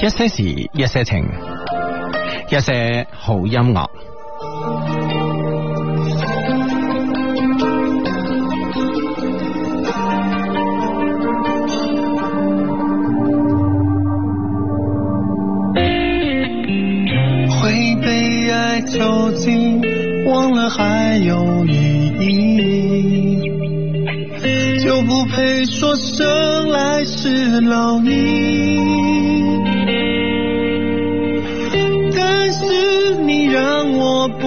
一些事，一些情，一些好音樂。會被愛囚禁，忘了還有意義，就不配說生來是牢你。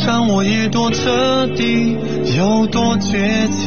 傷我也多徹底，有多決絕。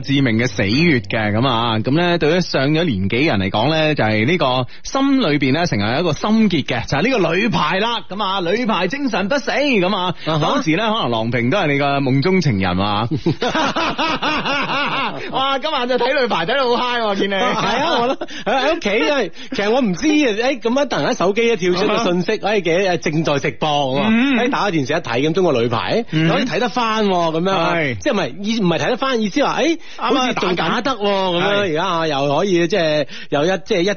致命嘅死穴嘅咁咁咧，對於上咗年紀人嚟講咧，就係呢個心裏邊咧成日有一個心結嘅，就係呢個女排啦。咁女排精神不死，咁嗰時咧可能郎平都係你個夢中情人嘛。哇！今晚就睇女排睇得好 high，見你係啊，我喺屋企都係。其實我唔知誒，咁樣突然間手機一跳出個信息，誒，嘅誒正在直播，喺打開電視一睇咁，中國女排可以睇得翻咁樣，即係唔係意唔係睇得翻，意思話誒。啱啊，仲打得喎咁樣，而家又可以即係、就是、又一即係、就是、一較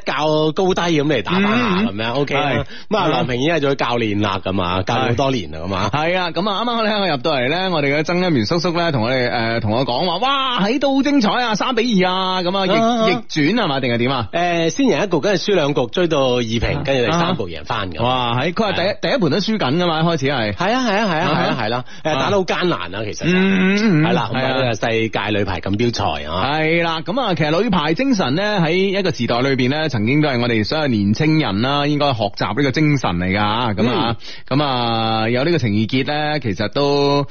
高低咁嚟打，打，下。咁啊？O K，咁啊，郎、okay, 嗯嗯、平已依家做咗教練啦，咁啊，教咗好多年啦，咁啊，係、嗯、啊，咁、嗯、啊，啱啱咧我入到嚟咧，我哋嘅曾一鳴叔叔咧同我哋誒同我講話，哇，喺度精彩啊，三比二啊，咁啊，逆逆轉啊嘛，定係點啊？誒，先贏一局，跟住輸兩局，追到二平，跟住第三局贏翻咁。哇，係，佢話第第一盤都輸緊啊嘛，開始係，係啊，係啊，係啊，係啊，係啦，誒、嗯，打得好艱難啊，其實、就是，嗯嗯嗯，係啦，世界女排咁。表材啊，係啦，咁啊，其實女排精神咧喺一個時代裏邊咧，曾經都係我哋所有年青人啦，應該學習呢個精神嚟噶，咁啊，咁啊，有呢個情意結咧，其實都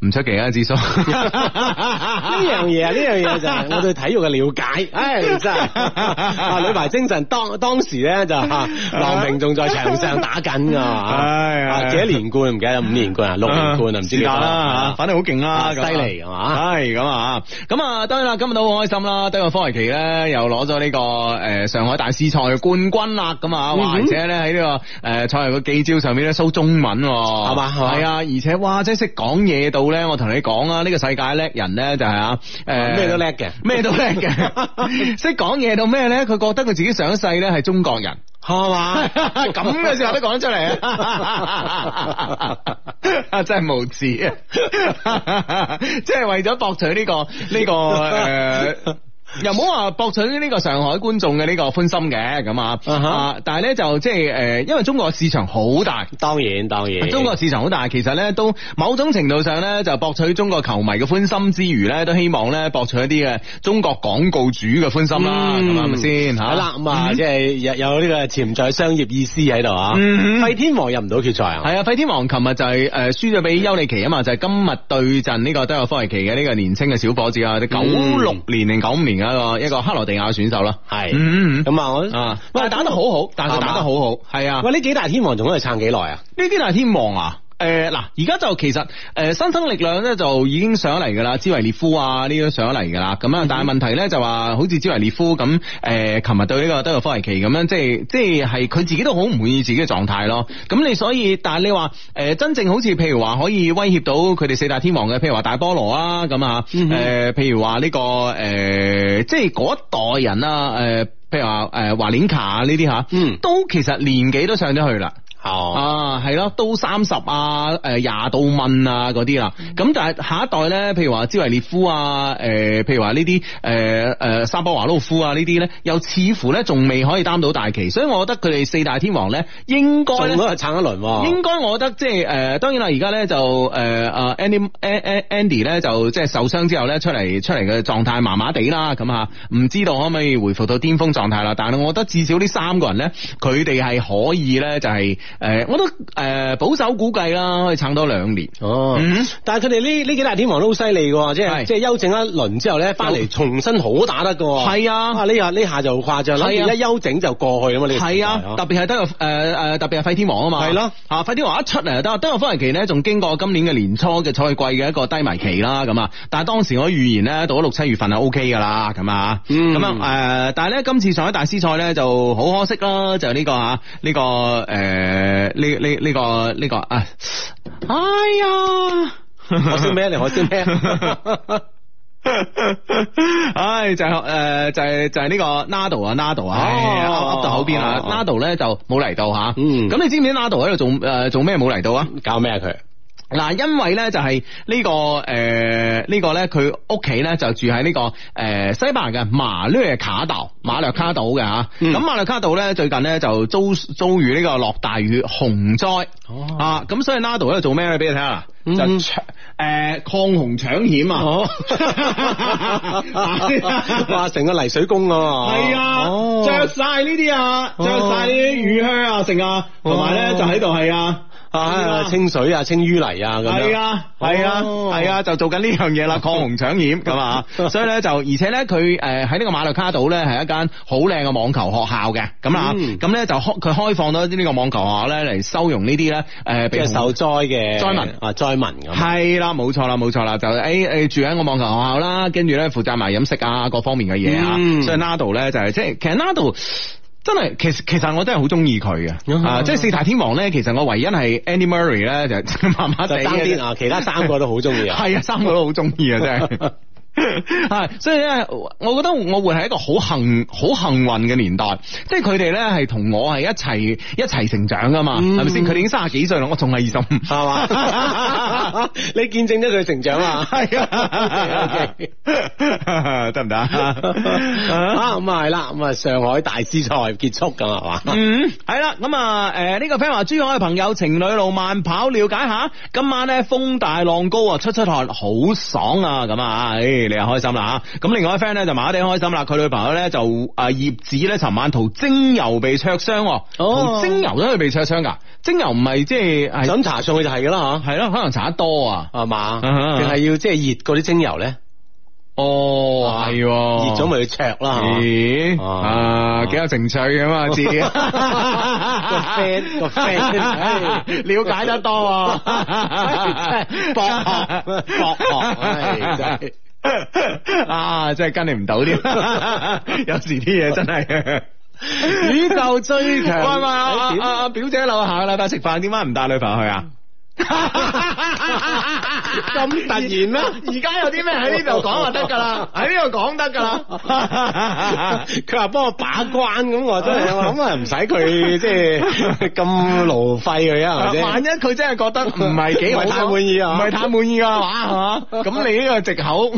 唔出奇啊，志松。呢樣嘢啊，呢樣嘢就係我對體育嘅了解，唉、哎，真係女排精神當當時咧就，吓，郎平仲在場上打緊啊、哎哎哎，幾多年冠唔記得，五年冠、啊，六年冠啊，唔知點啦，反正好勁啊，犀利係嘛？係咁啊，咁啊。啊，當然啦，今日都好開心啦，得個科維奇咧又攞咗呢個上海大師賽冠軍啦，咁啊，或者咧喺呢個誒賽後嘅記招上面咧 show 中文，係嘛？係啊，而且哇，即係識講嘢到咧，我同你講啊，呢個世界叻人咧就係啊誒咩都叻嘅，咩都叻嘅，識講嘢到咩咧？佢覺得佢自己上一世咧係中國人。係嘛咁嘅時候都講得出嚟啊！ 真係無恥啊！即 係為咗博取呢、這個呢、這個誒。呃又冇話博取呢個上海觀眾嘅呢個歡心嘅咁啊，但係咧就即係誒，因為中國市場好大，當然當然，中國市場好大，其實咧都某種程度上咧就博取中國球迷嘅歡心之餘咧，都希望咧博取一啲嘅中國廣告主嘅歡心啦，係咪先？好啦，咁、嗯、啊、嗯嗯嗯、即係有有呢個潛在商業意思喺度啊。費、嗯、天王入唔到決賽啊，係、嗯、啊，費天王琴日就係誒輸咗俾優利奇啊嘛，就係、是、今日對陣呢、這個德約科維奇嘅呢個年輕嘅小伙子，嗯、九六年定九五年。一個一個克羅地亞嘅選手啦，係，咁嗯嗯嗯、嗯、我喂打得好好，但係打得好好，係啊，喂呢幾大天王仲喺度撐幾耐啊？呢啲大天王啊！誒、呃，嗱，而家就其實誒，新、呃、生力量咧就已經上咗嚟噶啦，茲維列夫啊呢啲上咗嚟噶啦，咁、嗯、啊，但係問題咧就話、是、好似茲維列夫咁，誒、呃，琴日對呢個德約科維奇咁樣、就是，即係即係係佢自己都好唔滿意自己嘅狀態咯。咁你所以，但係你話誒、呃，真正好似譬如話可以威脅到佢哋四大天王嘅，譬如話大菠蘿啊咁啊，誒、嗯呃，譬如話呢、這個誒、呃，即係嗰一代人啊，誒、呃，譬如話誒華連卡啊呢啲吓，都其實年紀都上得去啦。哦、oh.，啊，係咯，都三十啊，誒、呃、廿度蚊啊嗰啲啦，咁但係下一代咧，譬如話茲維列夫啊，誒、呃，譬如話呢啲，誒、呃，誒、呃，沙波華洛夫啊呢啲咧，又似乎咧仲未可以擔到大旗，所以我覺得佢哋四大天王咧，應該應係撐一輪、哦。應該我覺得即係誒、呃，當然啦，而家咧就誒、呃、，Andy、啊、Andy 咧就即係受傷之後咧，出嚟出嚟嘅狀態麻麻地啦，咁下唔知道可唔可以回復到巔峰狀態啦？但係我覺得至少呢三個人咧，佢哋係可以咧，就係、是。誒、呃，我都誒、呃、保守估計啦，可以撐多兩年。哦，嗯、但係佢哋呢呢幾大天王都好犀利嘅，即係即係休整一輪之後咧，翻嚟重新好打得嘅。係啊，呢、啊、下呢下就誇張啦。啊、一休整就過去啊、呃、嘛。你係啊，特別係德勒誒誒，特別係費天王啊嘛。係咯，費天王一出嚟，但德約科維奇呢仲經過今年嘅年初嘅賽季嘅一個低迷期啦。咁啊，但係當時我預言呢，到咗六七月份係 O K 噶啦。咁啊，咁、嗯、樣誒、呃，但係咧今次上海大師賽咧，就好可惜啦。就呢、這個吓，呢、啊這個誒。呃誒、呃，呢呢呢個呢個，啊、這個，哎呀， 我笑咩嚟、哎哦？我笑咩？唉、哦，哦 Nado、就係誒，就係就係呢個 Nado 啊，Nado 啊，凹到口邊啊，Nado 咧就冇嚟到吓，咁你知唔知 Nado 喺度做誒做咩冇嚟到啊？搞咩佢？嗱，因為咧就係呢、這個誒呢、呃這個咧佢屋企咧就住喺呢個誒西班牙嘅馬略卡島馬略卡島嘅吓，咁、嗯、馬略卡島咧最近咧就遭遭遇呢個落大雨洪災、哦、啊，咁所以 Nado 喺度做咩咧？俾你睇下啦，就搶誒、呃、抗洪搶險啊，話、哦、成 個泥水工啊，係啊，着晒呢啲啊，着晒呢啲雨靴啊，成、哦、啊，同埋咧就喺度係啊。啊、清水啊，清淤泥啊，咁係啊，係啊，係啊,啊,啊,啊，就做緊呢 樣嘢啦，抗洪搶險，咁啊， 所以咧就，而且咧佢誒喺呢個馬略卡島咧係一間好靚嘅網球學校嘅，咁、嗯、啊，咁咧就開佢開放咗呢個網球學校咧嚟收容呢啲咧誒被受災嘅災民,災民啊災民咁，係啦、啊，冇錯啦，冇錯啦，就誒誒住喺個網球學校啦，跟住咧負責埋飲食啊各方面嘅嘢啊、嗯，所以拿度咧就係、是、即係其實拿度。真係，其實其實我都係好中意佢嘅，啊，即係四大天王咧，其實我唯一係 Andy Murray 咧就麻麻地啊，其他三個都好中意，啊。係啊，三個都好中意啊， 真係的。 係，所以咧，我覺得我會係一個好幸好幸運嘅年代，即係佢哋咧係同我係一齊一齊成長噶嘛，係咪先？佢哋已經卅幾歲啦，我仲係二十五，係嘛？ 你見證咗佢成長啊？係啊，得唔得？啊，咁係啦，咁啊上海大師賽結束，咁係嘛、啊 �uh 哎？嗯，係啦，咁啊，誒呢個 friend 話珠海嘅朋友情侶路慢跑，了解下今晚咧風大浪高，出出汗好爽啊咁啊，你又開心啦吓，咁另外一 friend 咧就麻麻地開心啦，佢女朋友咧就啊葉子咧，尋晚塗精油被灼傷，塗、哦、精油都去被灼傷噶精油唔係即係想搽上去就係噶啦吓？係咯，可能搽得多啊，係、啊、嘛，定係要即係熱嗰啲精油咧？哦、係、啊，熱咗咪要灼啦？咦、啊、幾、啊啊、有情趣啊嘛，自己。個 friend 個 friend 了解得多，博學博學， 啊，真係跟你唔到添， 有時啲嘢真係。宇 宙最強嘛、 啊啊啊啊，啊，表姐樓下個禮拜食飯，點解唔帶女朋友去啊？ 咁 突然啦，而家有啲咩喺呢度講就得噶啦，喺呢度講得噶啦。佢話幫我把關咁，我真係咁啊唔使佢即係咁勞費佢啊， 就是、或者萬一佢真係覺得唔係幾太滿意啊，唔係太滿意啊，係嘛？咁你呢個藉口，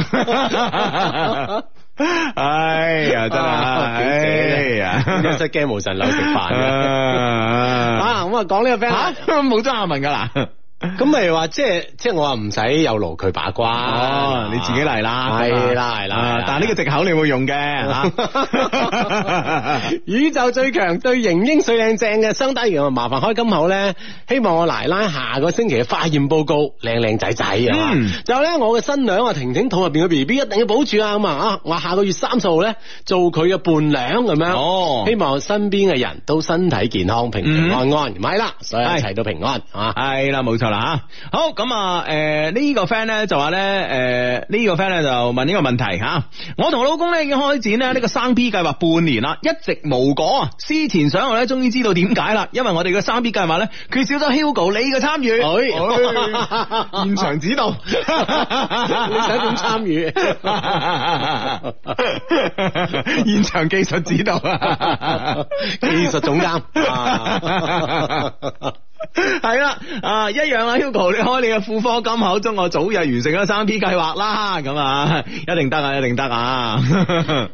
哎呀真係，唉、哎、呀，失驚無神漏食飯嘅。啊咁啊，講呢個 friend，冇咗阿文噶啦。咁咪話即係即係我話唔使有勞佢把關哦、啊，你自己嚟啦，係啦係啦，但係呢個藉口你會用嘅， 宇宙最強最型英最靚正嘅雙打員，麻煩開金口咧，希望我奶奶下個星期嘅化驗報告靚靚仔仔啊、嗯，就咧、是、我嘅新娘婷婷肚入邊嘅 B B 一定要保住啊，咁、嗯、啊我下個月三十號咧做佢嘅伴娘咁樣、哦，希望身邊嘅人都身體健康平平安安，唔係啦，所以一切都平安係係啦冇錯。啦吓，好咁啊！誒、呃，呢、這個 friend 咧就話咧，誒、呃，呢、這個 friend 咧就問呢個問題吓，我同我老公咧已經開展咧呢個生 B 計劃半年啦，一直無果啊！思前想後咧，終於知道點解啦，因為我哋嘅生 B 計劃咧缺少咗 Hugo 你嘅參與，現場指導， 你想點參與？ 現場技術指導啊， 技術總監。 係 啦，啊，一樣啊，Hugo，你開你嘅婦科金口中，我早日完成咗三 P 計劃啦，咁啊，一定得啊，一定得啊，呵呵，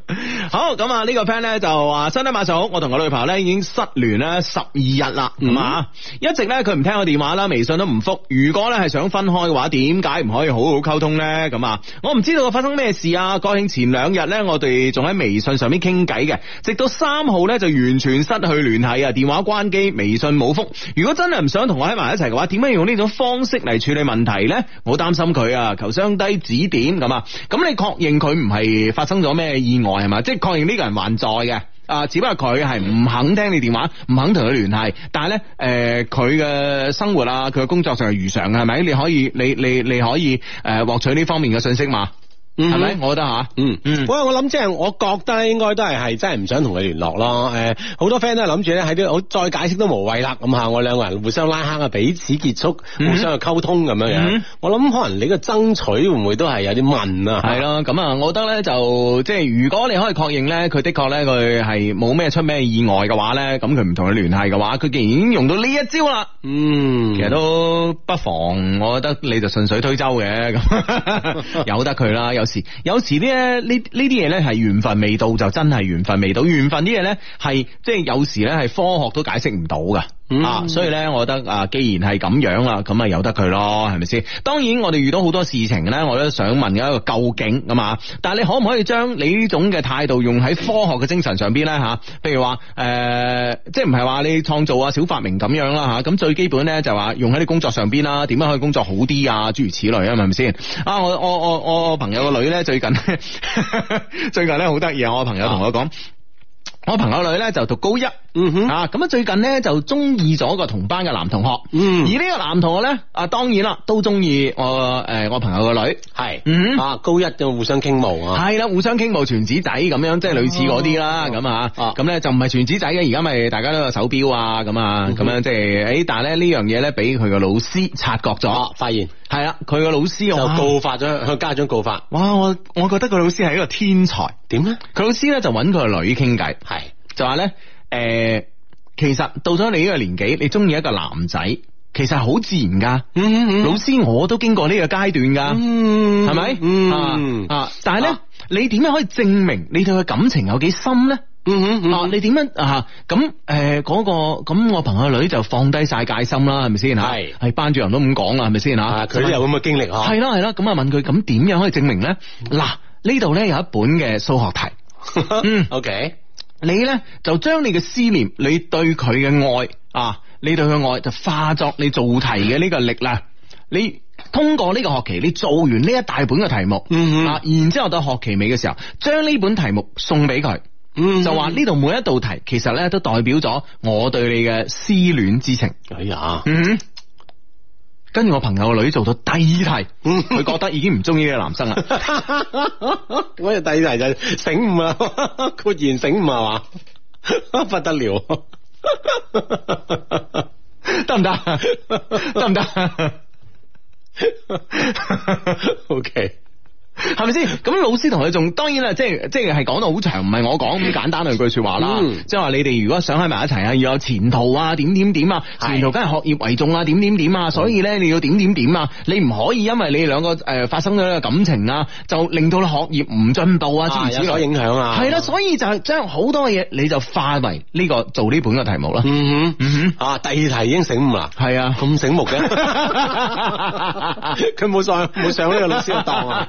好，咁啊，這個、Pan 呢個 friend 咧就話新得晚上好，我同我女朋友咧已經失聯咧十二日啦，咁、嗯、啊，一直咧佢唔聽我電話啦，微信都唔覆，如果咧係想分開嘅話，點解唔可以好好溝通咧？咁啊，我唔知道發生咩事啊，國慶前兩日咧，我哋仲喺微信上面傾偈嘅，直到三號咧就完全失去聯繫啊，電話關機，微信冇覆，如果真係，唔想同我喺埋一齊嘅話，點解用呢種方式嚟處理問題呢？我擔心佢啊，求相低指點咁啊。咁你確認佢唔係發生咗咩意外係嘛？即係確認呢個人還在嘅啊，只不過佢係唔肯聽你電話，唔肯同佢聯繫。但係呢，誒、呃，佢嘅生活啊，佢嘅工作上係如常嘅係咪？你可以，你你你可以誒，獲、呃、取呢方面嘅信息嘛？係咪、mm -hmm. 嗯嗯？我覺得吓，嗯嗯。不過我諗，即係我覺得應應該都係係真係唔想同佢聯絡咯。誒，好多 friend 都諗住咧喺啲好，再解釋都無謂啦。咁吓，我兩個人互相拉黑啊，彼此結束，mm -hmm. 互相去溝通咁樣、mm -hmm. 樣。我諗可能你個爭取會唔會都係有啲問啊？係、啊、咯。咁啊，我覺得咧就即係如果你可以確認咧，佢的確咧佢係冇咩出咩意外嘅話咧，咁佢唔同你聯繫嘅話，佢既然已經用到呢一招啦，嗯，其實都不妨，我覺得你就順水推舟嘅咁，由 得佢他啦， 有時啲呢呢啲嘢呢，係緣分未到就真係緣分未到，緣分啲嘢咧係即係有時呢，係科學都解釋唔到噶。嗯、啊，所以咧，我覺得啊，既然係咁樣啦，咁啊由得佢咯，係咪先？當然，我哋遇到好多事情咧，我都想問有一個究竟咁啊。但係你可唔可以將你呢種嘅態度用喺科學嘅精神上邊咧？吓、啊，譬如話誒、呃，即係唔係話你創造啊小發明咁樣啦吓。咁、啊、最基本咧就話用喺啲工作上邊啦，點樣可以工作好啲啊？諸如此類啊，係咪先？啊，我我我我朋友個女咧最近最近咧好得意啊！我朋友同 我講、嗯，我朋友女咧就讀高一。嗯哼，啊，咁啊，最近咧就中意咗個同班嘅男同學，嗯，而呢個男同學咧，啊，當然啦，都中意我誒，我朋友個女，係嗯高一就互相傾慕，係啦，互相傾慕，全子仔咁、哦、樣，即係類似嗰啲啦，咁啊，咁咧就唔係全子仔嘅，而家咪大家都有手表啊，咁、嗯、啊，咁樣即係誒，但係咧呢樣嘢咧俾佢個老師察覺咗、嗯，發現係啦，佢個老師就告發咗佢家長告發，哇，我我覺得個老師係一個天才，點咧？佢老師咧就搵佢個女傾偈，係就話咧。說誒，其實到咗你呢個年紀，你中意一個男仔，其實好自然噶。嗯嗯嗯，老師我都經過呢個階段噶，係、mm、咪 -hmm.？嗯、mm、啊 -hmm. 啊，但係咧、啊，你點樣可以證明你對佢感情有幾深咧？嗯、mm、哼 -hmm. 啊，啊，你點樣啊？咁、呃、誒，嗰、那個咁我朋友女就放低晒戒心啦，係咪先？係係，班主任都咁講啦，係咪先？啊，佢都有咁嘅經歷，係咯係咯。咁啊，問佢咁點樣可以證明咧？嗱、啊，呢度咧有一本嘅數學題。 嗯，OK。你呢，就將你嘅思念，你對佢嘅愛啊，你對佢嘅愛就化作你做題嘅呢個力啦。你通過呢個學期，你做完呢一大本嘅題目嗯嗯啊，然之後到學期尾嘅時候，將呢本題目送俾佢嗯嗯，就話呢度每一道題其實呢都代表咗我對你嘅思戀之情。哎呀。嗯跟住我朋友個女做到第二題，佢、 嗯、覺得已經唔中意呢個男生啦。我 哋第二題就醒悟啦，豁 然醒悟係嘛，不得了，得唔得？得唔得？OK。係咪先？咁老師同佢仲當然啦，即係即係係講到好長，唔係我講咁簡單兩句說話啦、嗯。即係話你哋如果想喺埋一齊啊，要有前途啊，點點點啊，前途梗係學業為重啊，點點點啊。所以咧，你要點點點啊，你唔可以因為你兩個誒發生咗呢個感情啊，就令到你學業唔進步啊，諸如此類影響啊。係啦、啊，所以就係將好多嘢你就化為呢、這個做呢本嘅題目啦。嗯嗯啊，第二題已經醒目啦，係啊，咁醒目嘅，佢 冇 上冇上呢個老師嘅當啊。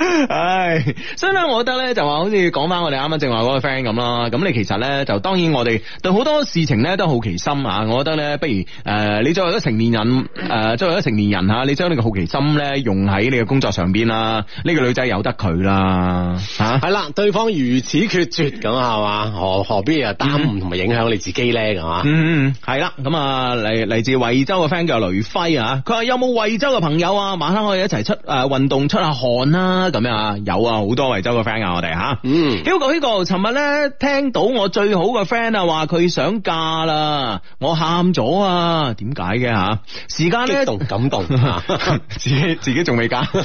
唉，所以咧，我覺得咧就話，好似講翻我哋啱啱正話嗰個 friend 咁啦。咁你其實咧，就當然我哋對好多事情咧都好奇心啊。我覺得咧，不如誒、呃，你作為一個成年人，誒、呃，作為一個成年人吓，你將呢個好奇心咧用喺你嘅工作上邊啦。呢、這個女仔由得佢啦，吓係啦。對方如此決絕咁係嘛，何何必又耽誤同埋影響你自己咧？咁嘛，嗯，係啦。咁啊嚟嚟自惠州嘅 friend 叫雷輝啊，佢話有冇惠州嘅朋友啊？晚黑可以一齊出誒運、呃、動，出下汗啊！咁樣有啊，好多惠州嘅 friend 啊，我哋吓，嗯，Hugo Hugo 尋日咧聽到我最好嘅 friend 話佢想嫁啦，我喊咗，點解嘅吓？時間咧度感動， 自己自己仲未嫁，自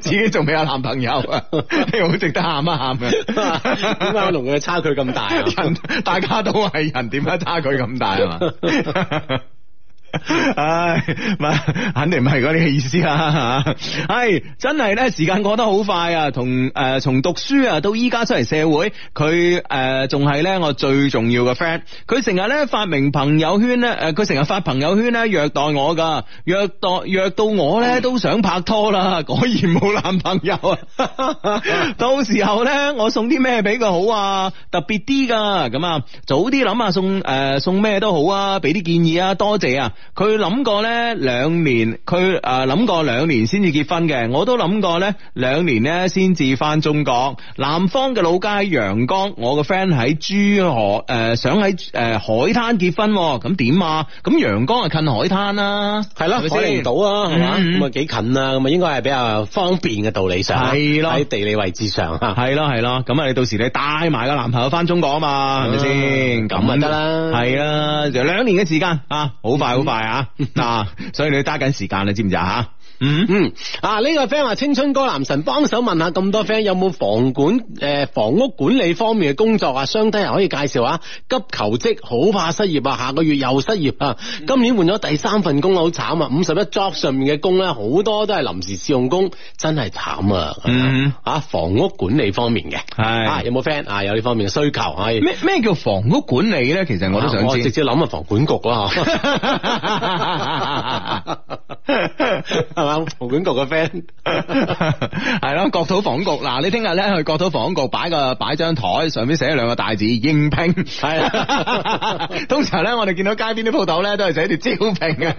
己仲未 有男朋友啊，好 值得喊啊喊啊。點解我同佢差距咁大啊？ 大家都係人，點解差距咁大啊？ 唉、哎，唔肯定唔係嗰啲意思啊。係、哎、真係咧時間過得好快啊！同誒從讀書啊到依家出嚟社會，佢誒仲係咧我最重要嘅 friend。佢成日咧發明朋友圈咧，誒佢成日發朋友圈咧虐待我噶，虐待虐到我咧都想拍拖啦、哦！果然冇男朋友啊， 到時候咧我送啲咩俾佢好啊？特別啲噶，咁啊早啲諗下送誒、呃、送咩都好啊，俾啲建議啊，多謝啊！佢諗過咧兩年，佢誒諗過兩年先至結婚嘅。我都諗過咧兩年咧先至翻中國。南方嘅老家喺陽江，我個 friend 喺珠海，誒、呃、想喺誒海灘結婚。咁點啊？咁陽江啊近海灘啦，係咯，海陵島啊，係嘛？咁啊幾近啊？咁啊應該係比較方便嘅，道理上，係咯，喺地理位置上吓，係咯係咯。咁你到時你帶埋個男朋友翻中國啊嘛，係咪先？咁啊得啦，係啊，兩年嘅時間啊，好快好。嗯快啊，嗱，所以你揸緊時間啦，知唔知啊？嗯、mm -hmm. 嗯，啊呢、這個 friend 話青春哥男神幫手問下咁多 friend 有冇房管誒、呃、房屋管理方面嘅工作啊，相低人可以介紹啊，急求職好怕失業啊，下個月又失業啊，mm -hmm. 今年換咗第三份工好慘啊，五十一 job 上面嘅工咧好多都係臨時試用工，真係慘啊，嗯、mm、吓 -hmm. 啊、房屋管理方面嘅係、mm -hmm. 啊、有冇 friend 啊有呢方面嘅需求可以咩咩叫房屋管理咧？其實我都想知，我我直接諗下房管局啊。 」 房管局嘅 friend，係咯國土房局，嗱，你聽日咧去國土房局擺個擺張台，上邊寫兩個大字應聘，係啦。通常咧我哋見到街邊啲鋪頭咧都係寫住招聘嘅，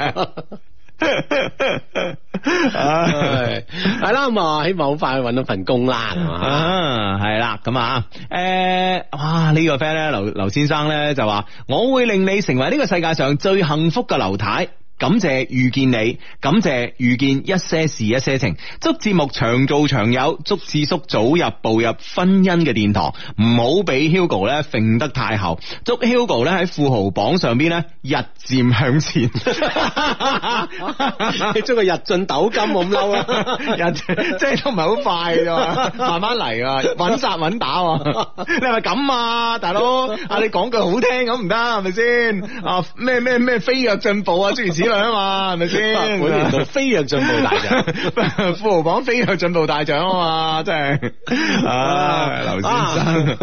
係啦咁啊希望好快去揾到份工啦，係嘛，係啦咁啊誒，哇呢個 friend 咧劉劉先生咧就話我會令你成為呢個世界上最幸福嘅劉太。感謝遇見你，感謝遇見一些事一些情。祝節目長做長有，祝志叔早日步入婚姻嘅殿堂，唔好俾 Hugo 咧揈得太後，祝 Hugo 咧喺富豪榜上邊咧日漸向前， 你祝佢日進斗金冇咁嬲啊！ 日即係都唔係好快啫嘛，慢慢嚟啊，穩紮穩打。 你係咪咁啊，大佬啊？ 你講句好聽咁唔得，係咪先？啊咩咩咩飛躍進步啊，諸如此獎嘛係咪先？本年度飛躍進步大獎 富豪榜飛躍進步大獎 啊嘛，真係啊劉先生，啊、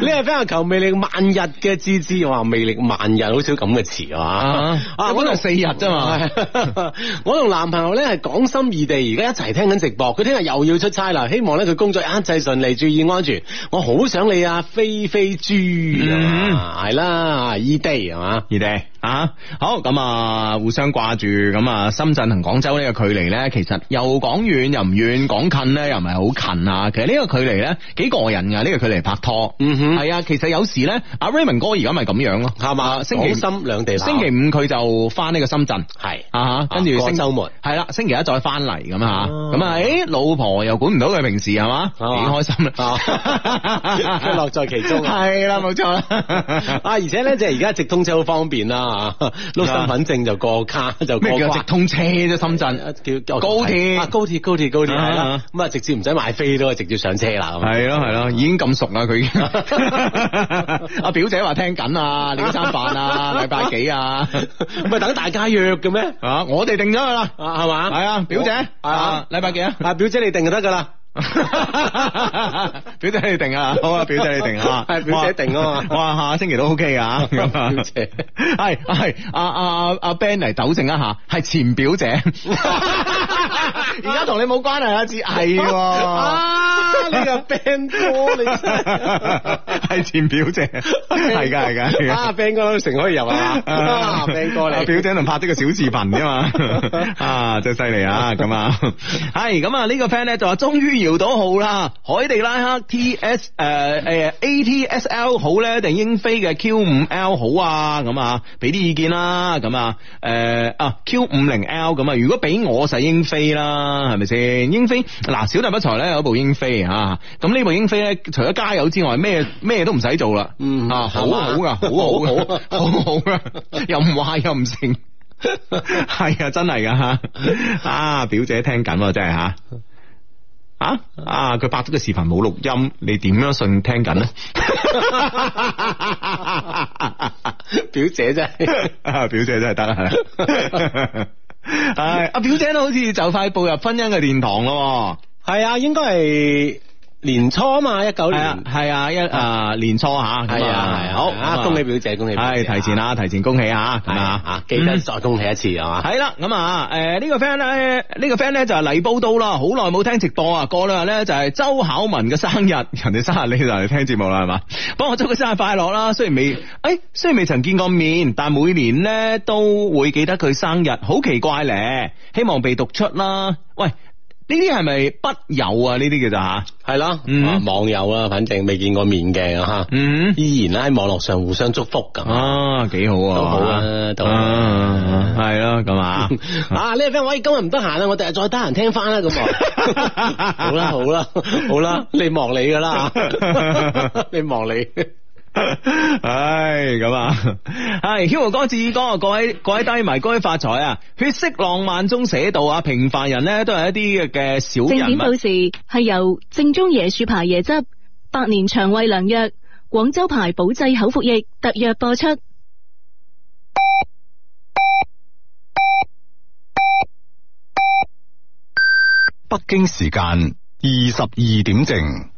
你係比較求魅力萬日嘅滋滋，話魅力萬日，好少咁嘅詞啊嘛，本來四日啫嘛。我同男朋友咧係港心異地，而家一齊聽緊直播。佢聽日又要出差啦，希望咧佢工作一切順利，注意安全。我好想你啊，飛飛豬係啦，異地係嘛，異地啊好咁互相掛住咁深圳同廣州呢個距離咧，其實又講遠又唔遠，講近咧又唔係好近啊！其實呢個距離咧幾個人噶呢、呢個距離拍拖，嗯哼係啊！其實有時咧，阿 Raymond 哥而家咪咁樣咯，係嘛？星期三兩地，星期五佢就翻呢個深圳，係跟住星期六係啦，星期一再翻嚟咁吓，咁、啊、誒、啊欸、老婆又管唔到佢平時係嘛，幾、啊、開心啦，樂、啊、 在其中、啊，係啦、啊，冇錯啦，而且咧就係而家直通車好方便啦、啊。啊，攞身份證就過卡就咩叫直通車啫，深圳叫高鐵，高鐵，高鐵，高鐵係啦。咁啊，直接唔使買飛咯，直接上車啦咁。係咯係咯，已經咁熟啦佢。阿表姐話聽緊，兩餐飯啊，禮拜幾啊，咪等大家約嘅咩？啊，我哋定咗啦，係嘛？係啊，表姐，係啊，禮拜幾啊？阿表姐你定就得噶啦。 表姐你定啊，好啊，表姐你定啊，係表姐定啊嘛，哇，下個星期都 OK 噶，咁啊，表姐，係係阿阿阿 Ben 嚟糾正一下，係前表姐，而家同你冇關係啊，知係啊，呢個 Ben 哥， 你真係前表姐，係噶係噶，啊，啊，啊，啊，Ben 哥都成可以入啊，Ben 啊哥嚟，表姐能拍呢個小視頻噶嘛， 啊，真係犀利啊，咁 啊，係咁啊，呢、呢個 friend 咧就話終於。調到好啦，海地拉克 T S 誒、呃、誒 A T S L 好咧，定英飛嘅 Q 五 L 好、呃、啊？咁啊，俾啲意見啦，咁啊誒啊 Q 五零 L 咁啊，如果俾我使英飛啦，係咪先？英飛嗱小弟不才咧，有一部英飛吓，咁呢部英飛咧，除咗加油之外，咩咩都唔使做啦，嗯啊，好好噶，好好，好好，好好好好好 又唔壞又唔勝，係 啊，真係噶吓啊，表姐聽緊真係吓。啊！啊，佢拍咗個視頻冇錄音，你點樣信聽緊咧 姐真、 啊？表姐真係，表姐真係得啦。係。唉，阿表姐都好似就快步入婚姻嘅殿堂咯，係 啊，應該係。年初嘛，一九年係啊，啊，一啊、呃、年初吓，係啊，係、啊啊、好啊，恭喜表姐，恭喜表姐，係提前啦、啊、提前恭喜啊，係啊，啊，記得再恭喜一次啊嘛，係、嗯、啦，咁啊，誒呢個 friend 咧，呢個 friend 咧就係黎寶刀啦，好耐冇聽直播啊，過咗咧就係、是就是、周巧文嘅生日，人哋生日你就嚟聽節目啦，係嘛，幫我祝佢生日快樂啦，雖然未，誒、哎、雖然未曾見過面，但每年咧都會記得佢生日，好奇怪咧，希望被讀出啦，喂。呢啲係咪筆友啊？呢啲嘅咋？吓，係、嗯、咯，網友啦，反正未見過面嘅吓、嗯，依然喺網絡上互相祝福噶，啊，幾好,好啊，好啊，都係咯，咁啊，呢位 friend 喂，今日唔得閒啦，我第日再得閒聽翻啦，咁、 啊啊，啊，好,好你你啦，好 啦，好啦，你望你噶啦你望你。 唉，咁啊！係 Hugo 哥、志哥，各位各位低迷，各位發財啊！血色浪漫中寫道：啊，平凡人咧都係一啲嘅嘅小正點。到時係由正宗椰樹牌椰汁、百年腸胃良藥、廣州牌保濟口服液特約播出。北京時間二十二點正。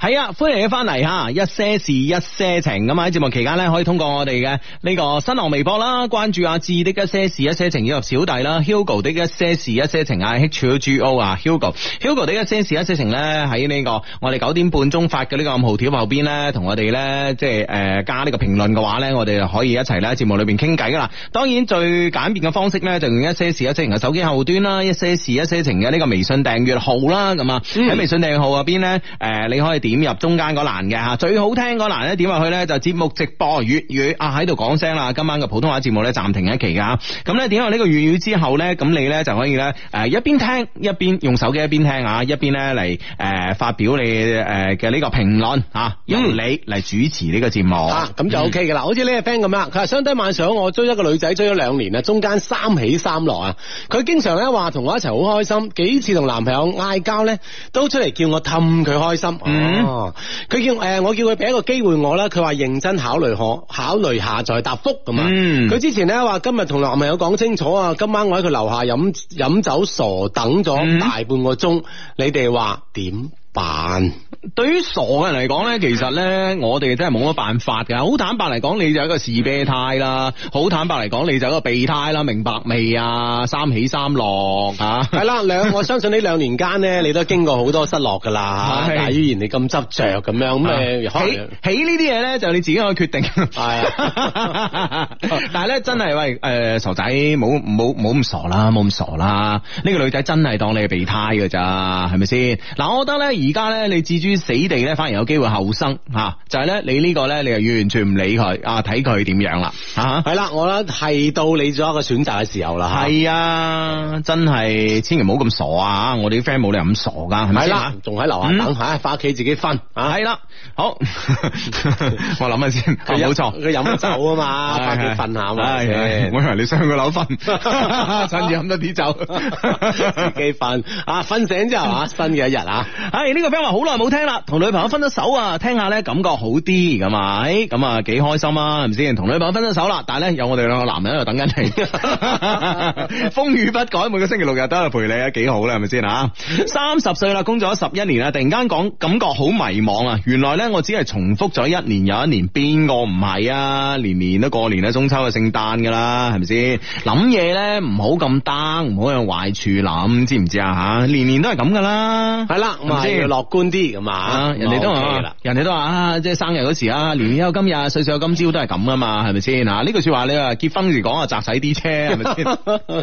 係啊，歡迎你翻嚟吓，一些事一些情。咁喺節目期間咧，可以通過我哋嘅呢個新浪微博啦，關注阿志的一些事一些情以及小弟啦，Hugo 的一些事一些情啊，Hugo Hugo Hugo 的一些事一些情咧，喺呢個我哋九點半鐘發嘅呢個暗號貼後邊咧，同我哋咧即係誒加呢個評論嘅話咧，我哋就可以一齊咧節目裏邊傾偈噶啦。當然最簡便嘅方式咧，就用一些事一些情嘅手機後端啦，一些事一些情嘅呢個微信訂閱號啦，咁啊喺微信訂閱號入邊咧，誒你可以。點入中間嗰欄嘅吓，最好聽嗰欄咧點入去咧就節目直播粵語啊，喺度講聲啦，今晚嘅普通話節目咧暫停一期噶，咁咧點入呢個粵語之後咧，咁你咧就可以咧誒，一邊聽一邊用手機一邊聽啊，一邊咧嚟，誒發表你誒嘅呢個評論啊，由、嗯、你嚟主持呢個節目，咁就 OK 噶啦。好似呢個 friend 咁樣，佢話相晚上我追一個女仔追咗兩年啊，中間三起三落啊，佢經常咧話同我一齊好開心，幾次同男朋友嗌交咧都出嚟叫我氹佢開心。嗯哦，佢叫誒、呃，我叫佢俾一個機會我啦，佢話認真考慮，可考慮下再答覆咁啊。佢、嗯、之前咧話今日同男朋友講清楚啊，今晚我喺佢樓下飲飲酒傻等咗大半個鐘、嗯，你哋話點？辦，對於傻嘅人嚟講咧，其實咧我哋真係冇乜辦法噶。好坦白嚟講，你就有一個士啤胎啦。好坦白嚟講，你就有一個備胎啦。明白未啊？三起三落吓，係 啦。兩我相信呢兩年間咧，你都經過好多失落噶啦。 但依然你咁執着咁樣，咁、啊、起起呢啲嘢咧，就你自己可以決定的。係， 但係咧真係喂誒、呃，傻仔，冇冇冇咁傻啦，冇咁傻啦。呢、這個女仔真係當你係備胎噶咋，係咪先？嗱、啊，我覺得咧。而家咧，你置諸死地咧，反而有機會後生嚇、啊，就係咧，你呢個咧，你就完全唔理佢，睇佢點樣啦，係、啊、啦，我諗係到你做一個選擇嘅時候啦，係啊，嗯、真係千祈唔好咁傻啊，我哋啲 friend 冇你咁傻噶、啊，係咪啦？仲喺樓下等吓，翻屋企自己瞓，係、啊、啦，好， 我諗下先，冇錯，佢飲酒啊嘛，翻屋企瞓下我以唔好話你上個樓瞓，趁住飲多啲酒， 自己瞓睡 啊，瞓醒之後啊，新嘅一日啊， 啊呢、這個 friend 話好耐冇聽啦，同女朋友分咗手啊，聽下咧感覺好啲，係、哎、咪？咁啊幾開心啊，係咪先？同女朋友分咗手啦，但係咧有我哋兩個男人喺度等緊你， 風雨不改，每個星期六日都去陪你，幾好啦，係咪先啊？三十歲啦，工作咗十一年啦，突然間講感覺好迷茫啊！原來咧我只係重複咗一年又一年，邊個唔係啊？年年都過年啦、中秋啊、聖誕噶啦，係咪先？諗嘢咧唔好咁 down，唔好有壞處諗，知唔知啊？吓，年年都係咁噶啦，係啦，是樂觀啲咁嘛，啊、人哋都人哋都話、啊，即係生日嗰時，年年有今日，歲歲有今朝，都係咁啊嘛？係咪先？呢、啊、句說話你話結婚時講啊，賺使啲車係咪先？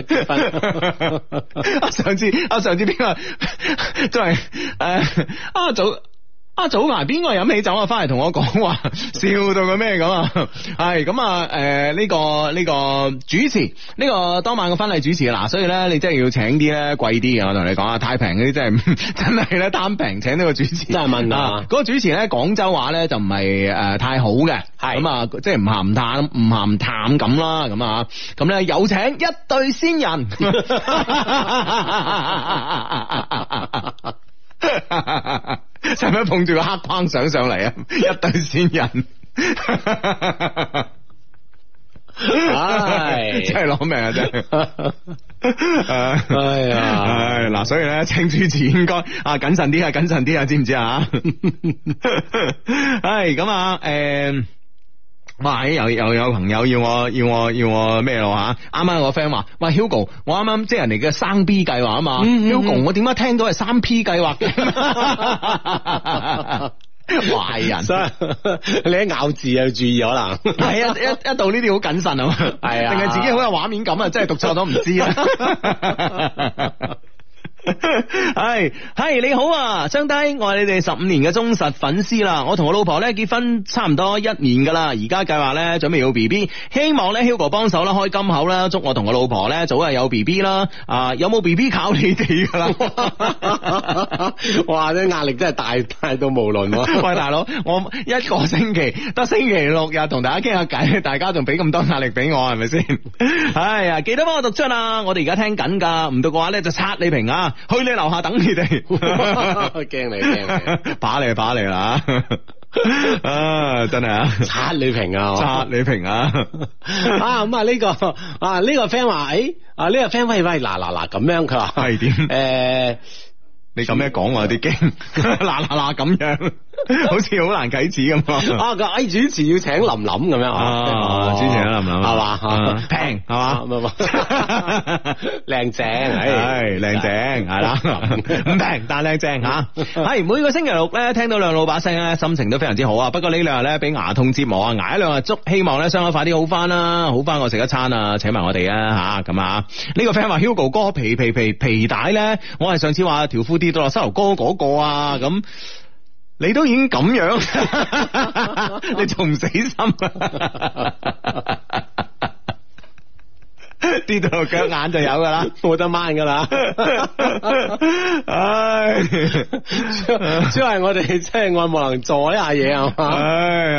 結婚 上次 等等啊，上次邊個即係誒啊早。啊、早排邊個飲喜酒啊，翻嚟同我講話，笑到個咩咁？係咁啊，誒呢個呢個主持呢個當晚嘅婚禮主持，嗱，所以咧你真係要請啲咧貴啲嘅，我同你講啊，太平嗰啲真係真係咧貪平請呢個主持真係問啊，嗰個主持咧廣州話咧就唔係誒太好嘅，係咁啊，即係唔鹹淡唔鹹淡咁啦，咁啊咁咧有請一對先人。 係 咪碰住個黑框相上嚟啊？一對仙人， 哎、呀 真係攞命啊！真係，唉，哎呀， 哎，嗱，所以咧，請主持應該啊謹慎啲啊，謹慎啲啊，啊，知唔知、 哎、啊？係咁啊，誒。哇！又又有，有，有朋友要我要我要我咩咯吓？啱啱我 friend 話，喂、啊、，Hugo，我啱啱即係人哋嘅生 B 計劃啊嘛。Hugo，我點解、就是嗯嗯、聽到係三 P 計劃嘅？壞 壞人， 你喺咬字要注意可能。係 啊，一一到呢啲好謹慎啊嘛。係啊。定係自己好有畫面感啊，真係讀錯都唔知啊。 係 係、hey, hey, 你好啊張低，我係你哋十五年嘅忠實粉絲啦。我同我老婆咧結婚差唔多一年噶啦，而家計劃咧準備要 B B，希望咧 Hugo 幫手啦，開金口啦，祝我同我老婆咧早日有 B B 啦。啊，有冇 B B 靠你哋噶啦？ 哇，啲壓力真係大大到無論、啊。 喂，大佬，我一個星期得星期六日同大家傾下偈，大家仲俾咁多壓力俾我係咪先？哎呀， hey, 記得幫我讀出啦，我哋而家聽緊噶，唔讀嘅話咧就刷你平啊！去你樓下等你哋，驚你驚你，把你把你啦，啊真係啊，擦真你 平啊，擦你平啊，啊咁啊呢個啊呢個 friend 話，誒啊呢個 friend 喂喂嗱嗱嗱咁樣，佢話係點誒？ 你咁樣講我有啲驚，嗱嗱嗱咁樣，好似好難啟齒咁啊，個哎主持要請林林咁樣，啊主持阿林林係嘛平係嘛，靚正，唉靚正係啦，唔平但靚正吓。係每個星期六咧，聽到兩老把聲咧，心情都非常之好啊。不過呢兩日咧，俾牙痛折磨，啊，挨一兩日粥，希望咧傷得快啲好翻啦，好翻我食一餐啊，請埋我哋啊吓咁啊。呢個 friend 話 Hugo 哥皮皮皮皮帶咧，啊啊啊啊啊啊哈哈啊、我係上次話條褲。跌到落修頭哥嗰個啊，咁你都已經咁樣， 你仲唔死心啊？ 跌到腳眼就有噶啦，冇得掹噶啦。唉 ，主要係我哋即係我冇能做呢下嘢係嘛。唉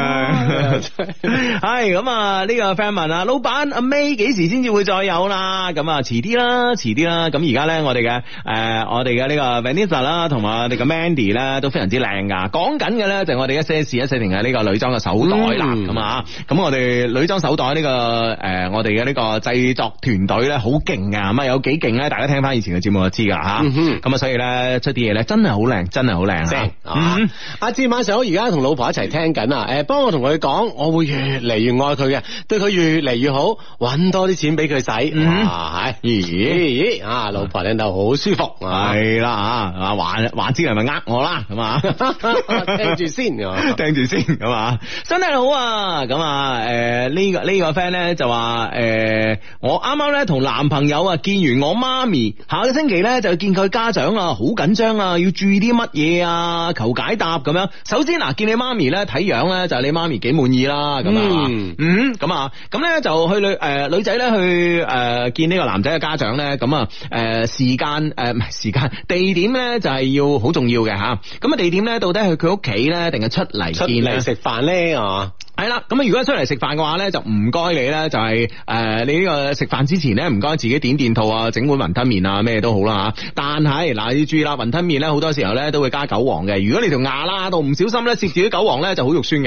要是，係， 咁啊！呢個 family 啊，老闆阿 May 幾時先至會再有啦？咁啊，遲啲啦，遲啲啦。咁而家咧，我哋嘅誒，我哋嘅呢個 Vanessa 啦，同埋我哋嘅 Mandy 咧，都非常之靚噶。講緊嘅咧，就係我哋 Series 140嘅呢個女裝嘅手袋啦。咁啊，咁我哋女裝手袋呢個誒，我哋嘅呢個製作。團隊咧好勁噶，咁啊有幾勁咧？大家聽翻以前嘅節目就知噶吓。咁、嗯、啊，所以咧出啲嘢咧真係好靚，真係好靚。阿志晚上，我而家同老婆一齊聽緊，誒，幫我同佢講，我會越嚟越愛佢嘅，對佢越嚟越好，搵多啲錢俾佢使。啊，咦老婆聽到好舒服，係啦吓，話話知係咪呃我啦？咁、嗯、啊，聽住先，嗯、聽住先，咁、嗯、啊，真係好啊。咁啊，誒、呃，呢、這個呢、這個 friend 咧就話，誒、呃，我。啱啱咧同男朋友啊見完我媽咪，下個星期咧就見佢家長啊，好緊張啊，要注意啲乜嘢啊？求解答咁樣。首先嗱，見你媽咪咧睇樣咧就係你媽咪幾滿意啦，咁啊，嗯咁啊，咁、嗯、咧就去女誒、呃、女仔咧去誒、呃、見呢個男仔嘅家長咧，咁啊誒時間誒唔係時間、呃、地點咧就係要好重要嘅吓。咁啊地點咧到底去佢屋企咧定係出嚟出嚟食飯咧啊？係啦，咁如果出嚟食飯嘅話咧，就唔該你咧，就係、是、誒、呃，你呢個食飯之前咧，唔該自己點電套啊，整碗雲吞麵啊，咩都好啦吓。但係嗱，要注意啦，雲吞麵咧好多時候咧都會加韭黃嘅。如果你從牙罅度唔小心咧，食住啲韭黃咧就好肉酸嘅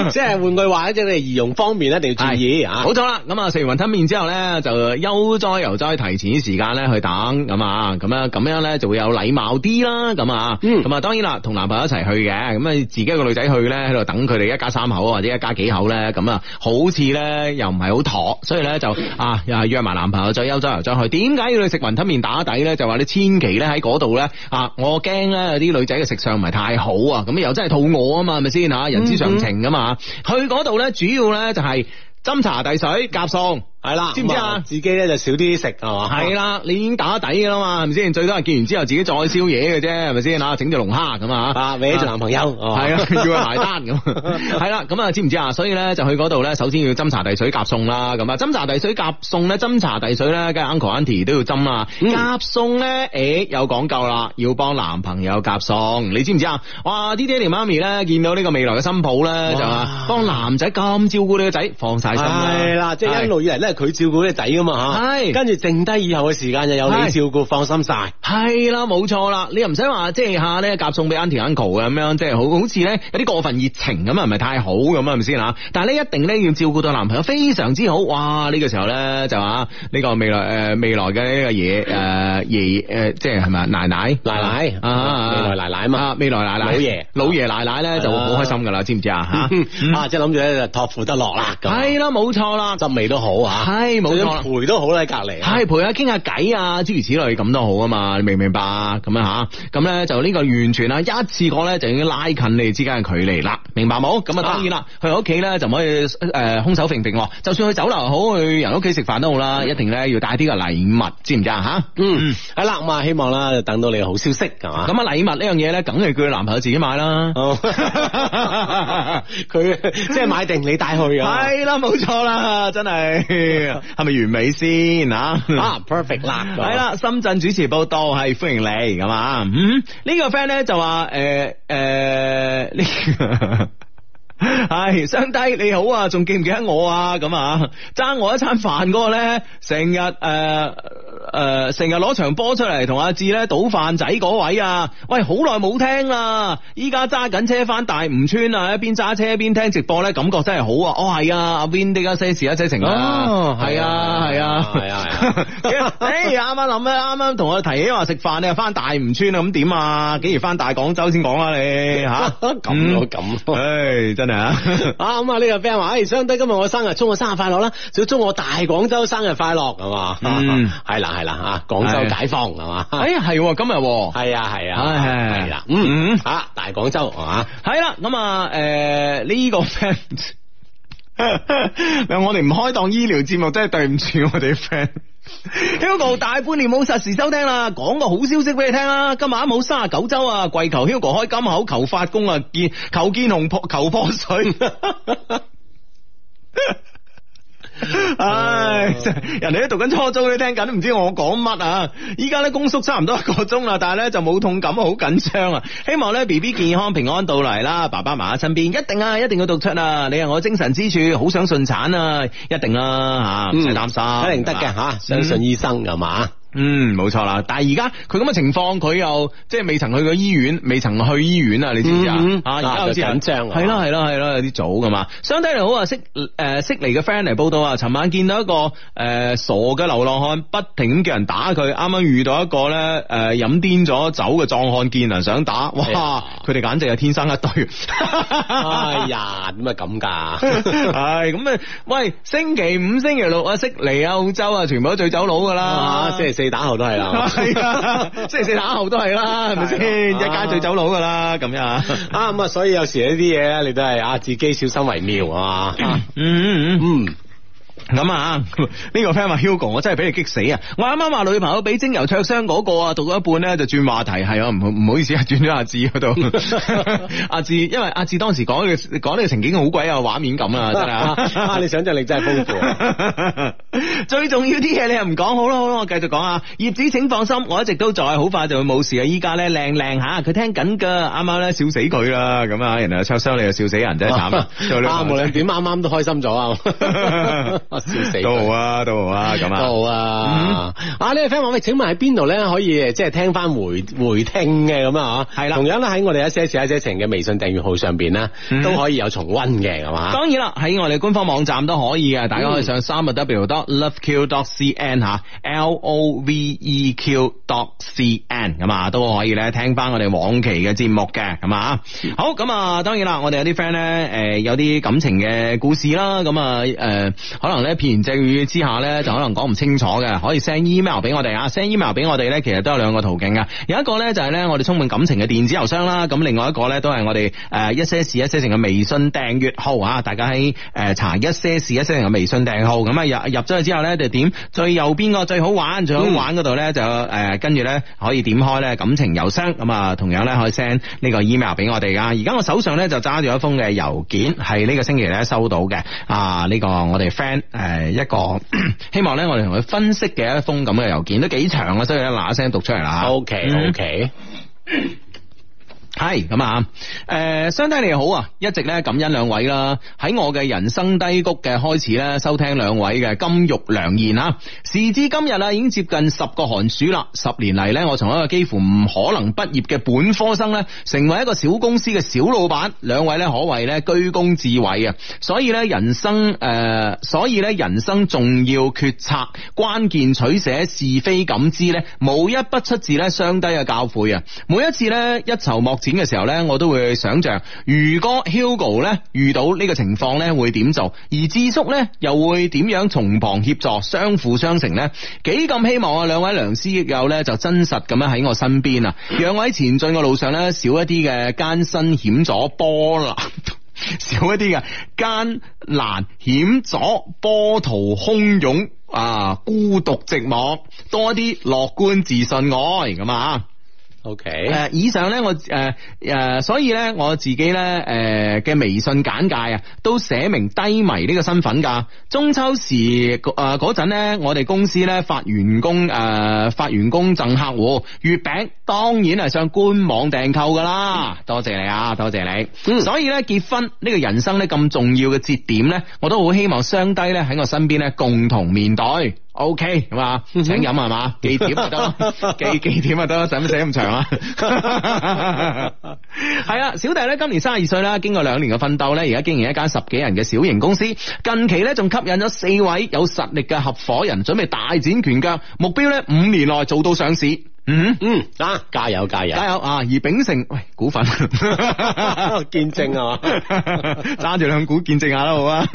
吓。 即係換句話，即係你儀容方面咧，你要注意啊。冇錯啦，咁、嗯、啊，食完雲吞麵之後咧，就悠哉悠哉，提前啲時間咧去等咁啊，咁樣咁樣咧就會有禮貌啲啦，咁啊，咁、嗯、啊，當然啦，同男朋友一齊去嘅，咁啊，自己一個女仔去咧喺度等佢哋一家三口或者一家幾口咧，咁啊，好似咧又唔係好妥，所以咧就、啊、又係約埋男朋友再悠哉游張去。點解要你食雲吞麵打底咧？就話你千祈咧喺嗰度咧，我驚咧有啲女仔嘅食相唔係太好啊！咁又真係肚餓啊嘛，係咪先吓？人之常情噶嘛。嗯嗯，去嗰度咧，主要咧就係、是、斟茶遞水夾餸。係啦，知唔知啊？自己咧就少啲食係嘛，係、哦、啦，你已經打底噶啦嘛，係咪先？最多係見完之後自己再燒嘢嘅啫，係咪先啊？整隻龍蝦咁啊，搲住男朋友，係啊，叫佢埋單咁。係啦，咁啊， 鞋 知唔知啊？所以咧就去嗰度咧，首先要斟茶遞水夾餸啦。咁啊，斟茶遞水夾餸咧，斟茶遞水咧，跟阿 Uncle Auntie 都要斟啊。夾餸咧，誒、欸、有講究啦，要幫男朋友夾餸。你知唔知啊？哇，啲爹哋媽咪咧見到呢個未來嘅新抱咧，就話幫男仔咁照顧呢個仔，放晒心。係啦，即係一路以嚟咧。佢照顧啲仔噶嘛吓，係，跟住剩低以後嘅時間就有你照顧，放心晒。係啦，冇錯啦，你又唔使話即係下咧夾餸俾 Aunty Uncle 咁樣，即、嗯、係、嗯嗯、好好似咧有啲過分熱情咁，唔係太好咁啊？係咪先啊？但係咧一定咧要照顧到男朋友非常之好。哇！呢、這個時候咧就話呢、這個未來誒、呃、未來嘅呢個爺誒爺誒、呃呃、即係係咪奶奶奶奶啊，啊未來奶奶啊嘛、啊啊、未來奶奶、啊啊、老爺老爺奶奶咧就會好開心噶啦、啊，知唔知啊？吓，啊即係諗住咧就託付得落啦。係、嗯、啦，冇錯啦，滋味都好啊。嗯啊係冇錯，陪都好啦隔籬，係陪下傾下偈啊，諸、啊、如此類咁都好啊嘛，你明唔明白？咁啊吓，咁咧就呢個完全啊一次過咧就已經拉近你哋之間嘅距離啦，明白冇？咁啊當然啦、啊，去屋企咧就唔可以誒、呃、空手揈揈，就算去酒樓好，去人屋企食飯都好啦、嗯，一定咧要帶啲嘅禮物，知唔知啊？吓，嗯，係、啊、啦，咁啊希望啦，等到你嘅好消息係嘛？咁啊禮物呢樣嘢咧，梗係叫佢男朋友自己買啦，佢即係買定你帶去啊，係 啦，冇錯啦，真係。係 咪完美先啊， 啊？Perfect 啦，係 啦，深圳主持報道係歡迎你，咁啊，嗯，呢個 friend 咧就話誒誒呢係、哎、相低你好啊，仲記唔記得我啊？咁啊，爭我一餐飯嗰個咧，成日誒誒，成日攞場波出嚟同阿志咧賭飯仔嗰位啊！喂，好耐冇聽啦，依家揸緊車翻大吳村啊，一邊揸車一邊聽直播咧，感覺真係好啊！哦，係阿 Vinny 啊，Cesar 啊，謝啊，係啊，係啊，係啊！誒、啊，啱啱諗咧，啱啱同我提起話食飯，你返翻大吳村啊，咁點啊？竟然翻大廣州先講啊，你吓咁咯，咁、啊、唉 啊，咁啊呢個 friend 話：哎，相得今日我生日，祝我生日快樂啦！仲要祝我大廣州生日快樂，係、嗯、嘛？係係啦，係啦，吓，廣州解放，係嘛？哎，係今日，係、嗯、啊，係、嗯、啊，係啦，嗯嗯，吓，大廣州，係嘛？係啦，咁啊，誒、這個，呢個 friend，我哋唔開檔醫療節目，真係對唔住我哋 friend。 Hugo 大半年冇實時收聽啦，講個好消息俾你聽啦，今晚冇三十九周啊，跪求 Hugo 開金口，求發功啊，見求見紅破，求破水。 唉、 哎，人哋都讀緊初中，都聽緊，都唔知我講乜啊！依家咧，宮縮差唔多一個鐘啦，但係咧就冇痛感，好緊張啊！希望咧 B B 健康平安到嚟啦，爸爸媽媽身邊一定啊，一定要讀出啊！你係我精神支柱，好想順產啊！一定啦、啊，吓唔使擔心，一定得嘅吓，相、啊、信醫生係嘛。嗯嗯，冇錯啦。但係而家佢咁嘅情況，佢又即係未曾去過醫院，未曾去醫院啊！你知唔知啊，吓而家又緊張，係咯係咯係咯，有啲早噶嘛。相睇嚟好啊，悉誒悉尼嘅 friend 嚟報道啊，尋晚見到一個誒、呃、傻嘅流浪漢，不停咁叫人打佢。啱啱遇到一個咧誒飲癲咗酒嘅壯漢，見人想打，哇！佢、哎、哋簡直係天生一對。 哎呀，咁啊咁噶，係咁啊？喂，星期五、星期六啊，悉尼澳洲啊，全部都醉酒佬噶啦，即係四打後都係啦，係 啊，星期四打後都係啦，係咪先一家就走佬噶啦，咁樣啊，啊，咁啊，所以有時呢啲嘢，你都係啊自己小心為妙啊，嗯嗯嗯。 咁啊！呢、這個 friend 話 Hugo，我真係俾你激死啊！我啱啱話女朋友俾精油灼傷嗰個啊，讀咗一半咧就轉話題，係唔唔好意思啊，轉咗阿志嗰度。 阿志，因為阿志當時講呢個講呢個情景好鬼有畫面咁啊，真係、啊 啊、你想象力真係豐富。 最重要啲嘢你又唔講，好咯好咯，我繼續講啊！葉子請放心，我一直都在，好快就會冇事靚靚啊！依家咧靚靚吓，佢聽緊噶，啱啱咧笑死佢啦！咁啊，然後灼傷你又笑死人，真係慘。啱 嘅、啊，點啱啱都開心咗。啊。 都好啊，都好啊，咁啊，都好啊，嗯、啊呢位 friend 喂，朋友我請問喺邊度咧可以即係、就是、聽翻回回聽嘅咁啊？係啦，同樣咧喺我哋一些事一些情嘅微信訂閱號上邊啦都可以有重温嘅，咁啊，當然啦，喺我哋官方網站都可以嘅，大家可以上三 w dot loveq dot cn 吓、嗯，l o v e q dot c n 咁啊，都可以咧聽翻我哋往期嘅節目嘅，咁啊，好咁啊，當然啦，我哋有啲 friend 咧，誒、呃，有啲感情嘅故事啦，咁啊，誒、呃，可能咧。一片言隻語之下咧，就可能講唔清楚嘅，可以 send email 俾我哋。啊 send email 俾我哋咧，其實都有兩個途徑嘅。有一個咧就係咧，我哋充滿感情嘅電子郵箱啦。咁另外一個咧都係我哋誒一些事一些情嘅微信訂閱號啊。大家喺誒查一些事一些情嘅微信訂閱號，咁啊入入咗去之後咧就點最右邊個最好玩、嗯、最好玩嗰度咧就誒跟住咧可以點開咧感情郵箱。咁啊同樣咧可以 send 呢個 email 俾我哋噶。而家我手上咧就揸住一封嘅郵件，係呢個星期咧收到嘅啊。呢、這個我哋 friend。誒，一個希望咧，我哋同佢分析嘅一封咁嘅郵件都幾長啊，所以咧嗱嗱聲讀出嚟啦。O K O K。 係咁啊！誒，雙低你好啊，一直咧感恩兩位啦。喺我嘅人生低谷嘅開始咧，收聽兩位嘅金玉良言啊。時至今日啊，已經接近十個寒暑啦。十年嚟咧，我從一個幾乎唔可能畢業嘅本科生咧，成為一個小公司嘅小老闆，兩位咧可謂咧居功至偉啊！所以咧人生誒、呃，所以咧人生重要決策、關鍵取捨、是非感知咧，無一不出自咧雙低嘅教誨啊！每一次咧一籌莫展點嘅時候咧，我都會想象，如果 Hugo 遇到呢個情況咧，會點做？而智叔又會點樣從旁協助，相輔相成咧？幾咁希望啊！兩位良師益友就真實咁樣喺我身邊啊，讓我喺前進嘅路上少一啲嘅艱辛險阻波瀾，少一啲嘅艱難險阻波濤洶湧啊，孤獨寂寞，多一啲樂觀自信愛咁啊！O K，誒，以上咧我誒誒，所以咧我自己咧誒嘅微信簡介啊，都寫明低迷呢個身份噶。中秋時誒嗰陣咧，我哋公司咧發員工誒發員工贈客戶月餅，當然係上官網訂購噶啦。多謝你啊，多謝你。謝你 mm. 所以咧結婚呢、這個人生咧咁重要嘅節點咧，我都好希望雙低咧喺我身邊咧共同面對。O K，哇，請飲係嘛？幾點就得，幾幾點就得，使唔使咁長啊？係 啊，小弟咧今年三十二歲啦，經過兩年嘅奮鬥咧，而家經營一間十幾人嘅小型公司，近期咧仲吸引咗四位有實力嘅合伙人，準備大展拳腳，目標咧五年內做到上市。嗯嗯，啊，加油加油加油啊！而炳成喂、哎，股份 見證啊，揸住兩股見證下啦，好 啊。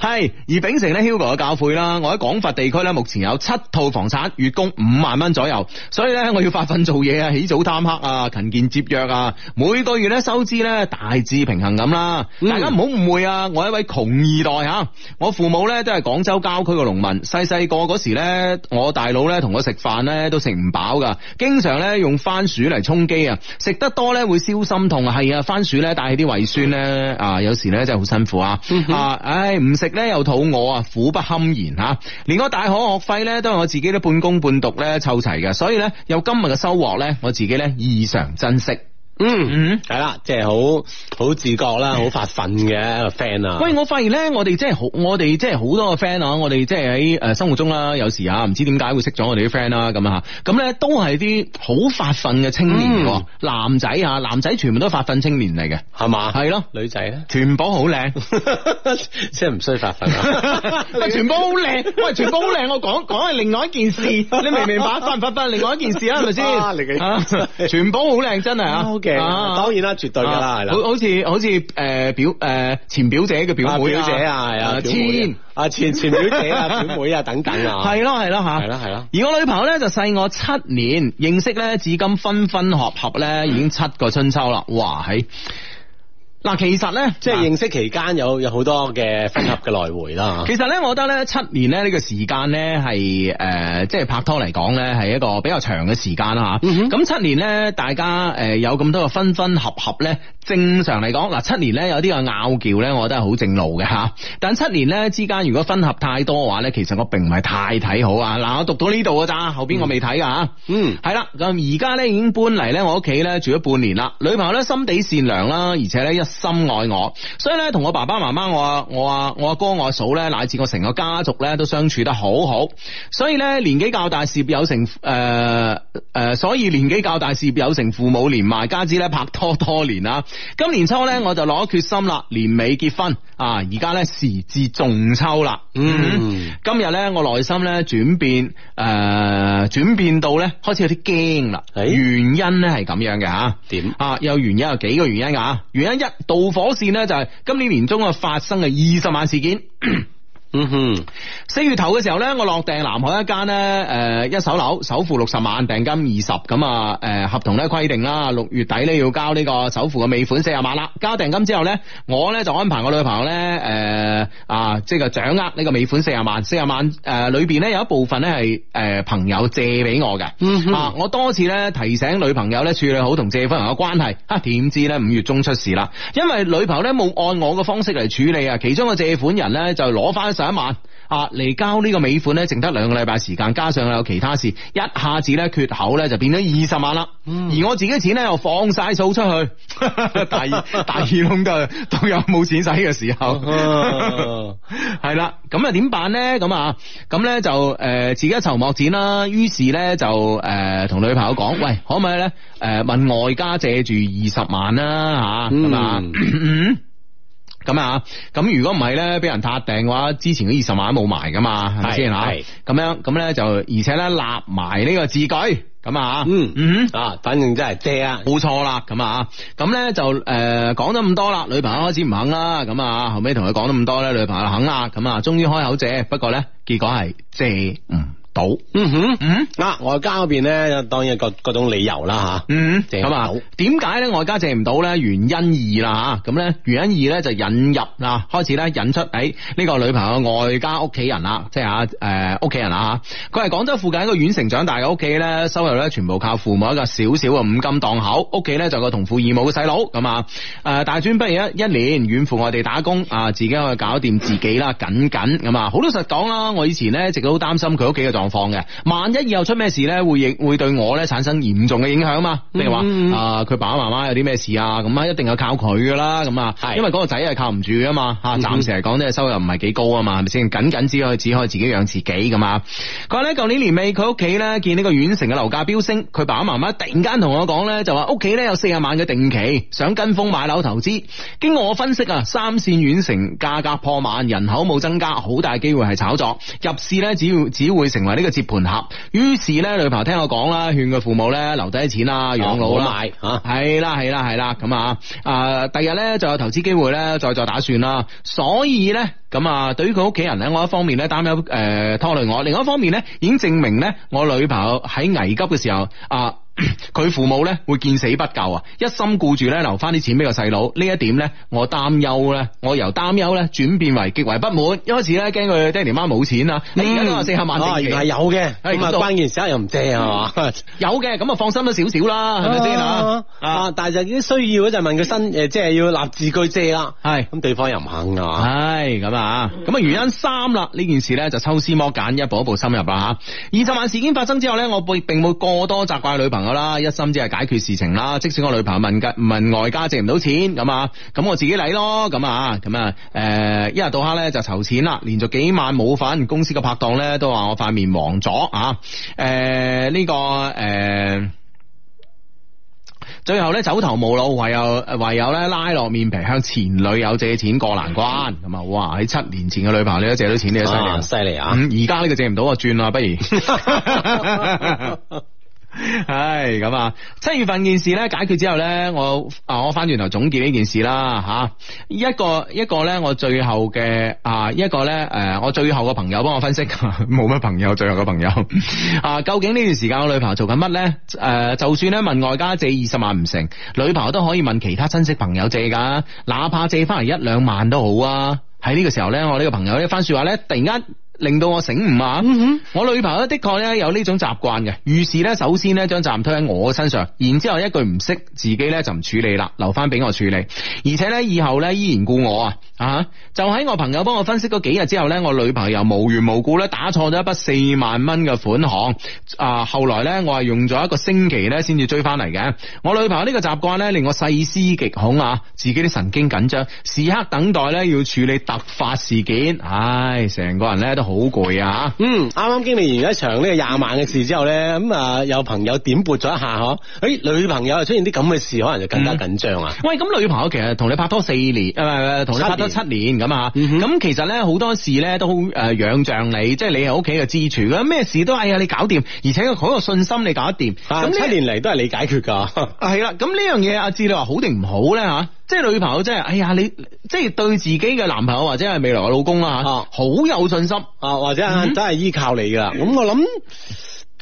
係而炳成咧，Hugo 嘅教誨啦。我喺廣佛地區咧，目前有七套房產，月供五萬蚊左右。所以咧，我要發奮做嘢啊，起早貪黑啊，勤儉節約啊，每個月咧收支咧大致平衡咁啦。大家唔好誤會啊，我係一位窮二代吓，我父母咧都係廣州郊區嘅農民。細細個嗰時咧，我大佬咧同我食飯咧都食唔飽。經常咧用番薯嚟充飢啊，食得多咧會燒心痛啊。係啊，番薯咧帶起啲胃酸咧啊，有時咧真係好辛苦，嗯、啊。唉，唔食咧又肚餓啊，苦不堪言吓。連個大學學費咧都係我自己半工半讀咧湊齊嘅，所以咧有今日嘅收穫咧，我自己咧異常珍惜。嗯嗯，係啦，即係好好自覺啦，好發奮嘅一個 friend 啊！喂，我發現咧、就是，我哋即係好，我哋即係好多個 friend 啊！我哋即係喺誒生活中啦，有時啊，唔知點解會識咗我哋啲 friend 啦，咁啊，咁咧都係啲好發奮嘅青年，男仔啊，男仔全部都係發奮青年嚟嘅，係嘛？係咯，女仔啊！全部好靚， 即係唔需發奮啊！喂， 全部好靚，喂，全部好靚，我講講係另外一件事，你明唔明白？發唔發奮，另外一件事啊，係咪先？啊，嚟 全部好靚，真係啊、okay 啊、當然啦，絕對噶啦，係、啊、啦，好似好似誒、呃、表誒、呃、前表姐嘅表妹、啊啊、表姐啊，係啊，啊前啊前，前表姐、啊、 表妹啊，等等啊，係咯係咯吓，係咯係咯。而我女朋友咧就細我七年，認識咧至今分分合合咧已經七個春秋啦，哇係！嗱， 其實咧，即係認識期間有有好多嘅分合嘅來回啦。其實咧，我覺得咧，七年咧呢個時間咧係誒，即係拍拖嚟講咧係一個比較長嘅時間啦吓。咁、嗯、七年咧，大家誒有咁多嘅分分合合咧，正常嚟講嗱，七年咧有啲個拗撬咧，我覺得係好正路嘅吓。但七年咧之間，如果分合太多嘅話咧，其實我並唔係太睇好啊。嗱，我讀到呢度嘅咋，後邊我未睇噶。嗯，係、嗯、啦，咁而家咧已經搬嚟咧我屋企咧住咗半年啦。女朋友咧心地善良啦，而且咧一。深愛我，所以咧同我爸爸媽媽我啊我啊我阿哥我阿嫂咧乃至我成個家族咧都相處得好好，所以咧年紀較大事業有成誒誒，所以年紀較大事業有、呃、有成父母連埋，加之咧拍拖多年啦，今年初咧我就攞咗決心啦，年尾結婚啊，而家咧時至仲秋啦，嗯，今日咧我內心咧轉變誒、呃、轉變到咧開始有啲驚啦，原因咧係咁樣嘅吓，點啊有原因有幾個原因㗎，原因一。導火線咧就係今年年中啊發生嘅二十萬事件。嗯哼，四月頭嘅時候呢，我落訂南海一間呢誒一手樓，首付六十萬，訂金二十，咁啊，誒合同呢規定啦，六月底呢要交呢個首付嘅尾款四十萬啦。交訂金之後呢，我呢就安排我女朋友呢，誒、呃、啊，即係掌握呢個尾款四十萬，四十萬誒、呃、裏邊呢有一部分呢係誒朋友借俾我嘅，啊、嗯、我多次呢提醒女朋友呢處理好同借款人嘅關係，點知呢，五月中出事啦，因為女朋友呢冇按我嘅方式嚟處理啊，其中個借款人呢，就攞翻。第一萬啊嚟交個美呢個尾款咧，淨得兩個禮拜時間，加上有其他事，一下子咧缺口咧就變咗二十萬啦、嗯。而我自己嘅錢咧又放晒數出去，大大耳窿都當都有冇錢使嘅時候。係、啊、啦，咁啊點辦咧？咁啊咁咧就誒、呃、自己一籌莫展啦。於是咧就誒同、呃、女朋友講：喂，可唔可以咧？誒、呃、問外家借住二十萬啦，吓咁啊。啊嗯啊咳咳咁啊，咁如果唔係咧，俾人撻定嘅話，之前嗰二十萬冇埋噶嘛，係咪先吓？係咁樣，咁咧就而且咧立埋呢個字據，咁啊，嗯嗯，啊，反正真係借啊，冇錯啦，咁啊，咁咧就誒講得咁多啦，女朋友開始唔肯啦，咁啊，後尾同佢講得咁多咧，女朋友肯啊，咁啊，終於開口借，不過咧結果係借，嗯。到嗯哼嗯哼啊，外家嗰邊咧，當然有各各種理由啦吓，嗯，咁點解咧外家借唔到咧？原因二啦吓，咁、啊、咧原因二咧就引入啊，開始咧引出誒呢個女朋友的外家屋企人啦，即係誒屋企人啦吓，佢係廣州附近一個縣城長大嘅屋企咧，收入咧全部靠父母一個小小嘅五金檔口，屋企咧就個同父異母嘅細佬，咁啊誒、啊、大專畢業一一年遠赴外地打工啊，自己去搞掂自己啦，緊緊咁啊，啊，好老實講啦，我以前咧一直都好擔心佢屋企嘅狀況嘅，萬一以後出咩事呢，會亦會對我呢產生嚴重嘅影響嘛？譬如話啊，佢爸爸媽媽有啲咩事啊，咁啊一定要靠佢噶啦，咁啊，因為嗰個仔係靠唔住噶嘛。吓、嗯，暫時嚟講咧，收入唔係幾高啊嘛，係咪先？僅僅只可以只可以自己養自己噶嘛。佢話呢，舊年年尾佢屋企呢見呢個縣城嘅樓價飆升，佢爸爸媽媽突然間同我講呢，就話屋企呢有四十萬嘅定期，想跟風買樓投資。經過我分析啊，三線縣城價格破萬，人口冇增加，好大機會係炒作。入市呢，只要只會成為。呢、這個接盤俠，於是咧女朋友聽我講啦，勸佢父母咧留低啲錢啦，養老啦，吓係啦係啦係啦，咁啊，誒，第日咧就有投資機會咧，再作打算啦，所以咧咁啊，對於佢屋企人咧，我一方面咧擔憂誒、呃、拖累我，另一方面咧已經證明咧，我女朋友喺危急嘅時候啊。呃佢 父母咧會見死不救啊，一心顧住咧留翻啲錢俾個細佬。呢一點咧，我擔憂咧，我由擔憂咧轉變為極為不滿。一開始咧驚佢爹哋媽冇錢啊，你而家都話四百萬定係、啊、有嘅，咁、哎、啊關鍵事啊又唔借係嘛、嗯？有嘅，咁啊放心咗少少啦，係咪先啦？啊，但係就已經需要嗰陣問佢身，誒，即係要立字據借啦。係咁對方又唔肯啊。係咁啊，咁啊原因三啦，呢件事咧就抽絲剝繭，一步一步深入啦吓。二十萬事件發生之後咧，我並冇過多責怪女朋友。啦，一心只係解決事情啦。即使我女朋友問計唔問外家借唔到錢，咁咁我自己嚟咯。咁啊咁啊，誒、呃，一日到黑咧就籌錢啦，連續幾晚冇返，公司嘅拍檔咧都話我塊面黃咗啊。誒、呃，呢、這個誒、呃，最後咧走投無路，唯有唯有咧拉落面皮向前女友借錢過難關。咁啊，哇！喺七年前嘅女朋友都借到錢，你犀利。犀利啊！而家呢個借唔到，轉啊，不如。 係咁啊！七月份件事咧解決之後咧，我啊我翻轉頭總結呢件事啦吓。一個一個咧、呃，我最後嘅啊一個咧，誒我最後個朋友幫我分析，冇 乜朋友最後個朋友 啊。究竟呢段時間我女朋友做緊乜咧？誒、呃，就算咧問外家借二十萬唔成，女朋友都可以問其他親戚朋友借噶，哪怕借翻嚟一兩萬都好啊。喺呢個時候咧，我呢個朋友一番說話咧，突然間。令到我醒悟啊、嗯！我女朋友的確咧有呢種習慣嘅，於是咧首先咧將責任推喺我身上，然之後一句唔識自己咧就唔處理啦，留翻俾我處理。而且咧以後咧依然故我啊！就喺我朋友幫我分析嗰幾日之後咧，我女朋友又無緣無故咧打錯咗一筆四萬蚊嘅款項。啊，後來咧我係用咗一個星期咧先至追翻嚟嘅。我女朋友呢個習慣咧令我細思極恐啊，自己啲神經緊張，時刻等待咧要處理突發事件。唉、哎，成個人咧都好攰啊！嗯，啱啱經歷完一場呢個廿萬嘅事之後咧，咁啊有朋友點撥咗一下嗬？誒，女朋友出現啲咁嘅事，可能就更加緊張啊！喂，咁女朋友其實同你拍拖四年，誒、呃，同你拍拖七年咁啊！咁、嗯、其實咧好多事咧都好誒仰仗你，嗯、即係你係屋企嘅支柱，咩事都哎呀你搞掂，而且佢好有信心你搞得掂。咁、啊、七年嚟都係你解決噶。係 啦、啊，咁呢樣嘢阿志，你話好定唔好咧吓？即係女朋友，即係，哎呀，你即係對自己嘅男朋友或者係未來嘅老公啊，吓，好有信心啊，或者真係依靠你噶啦，咁、嗯、我諗。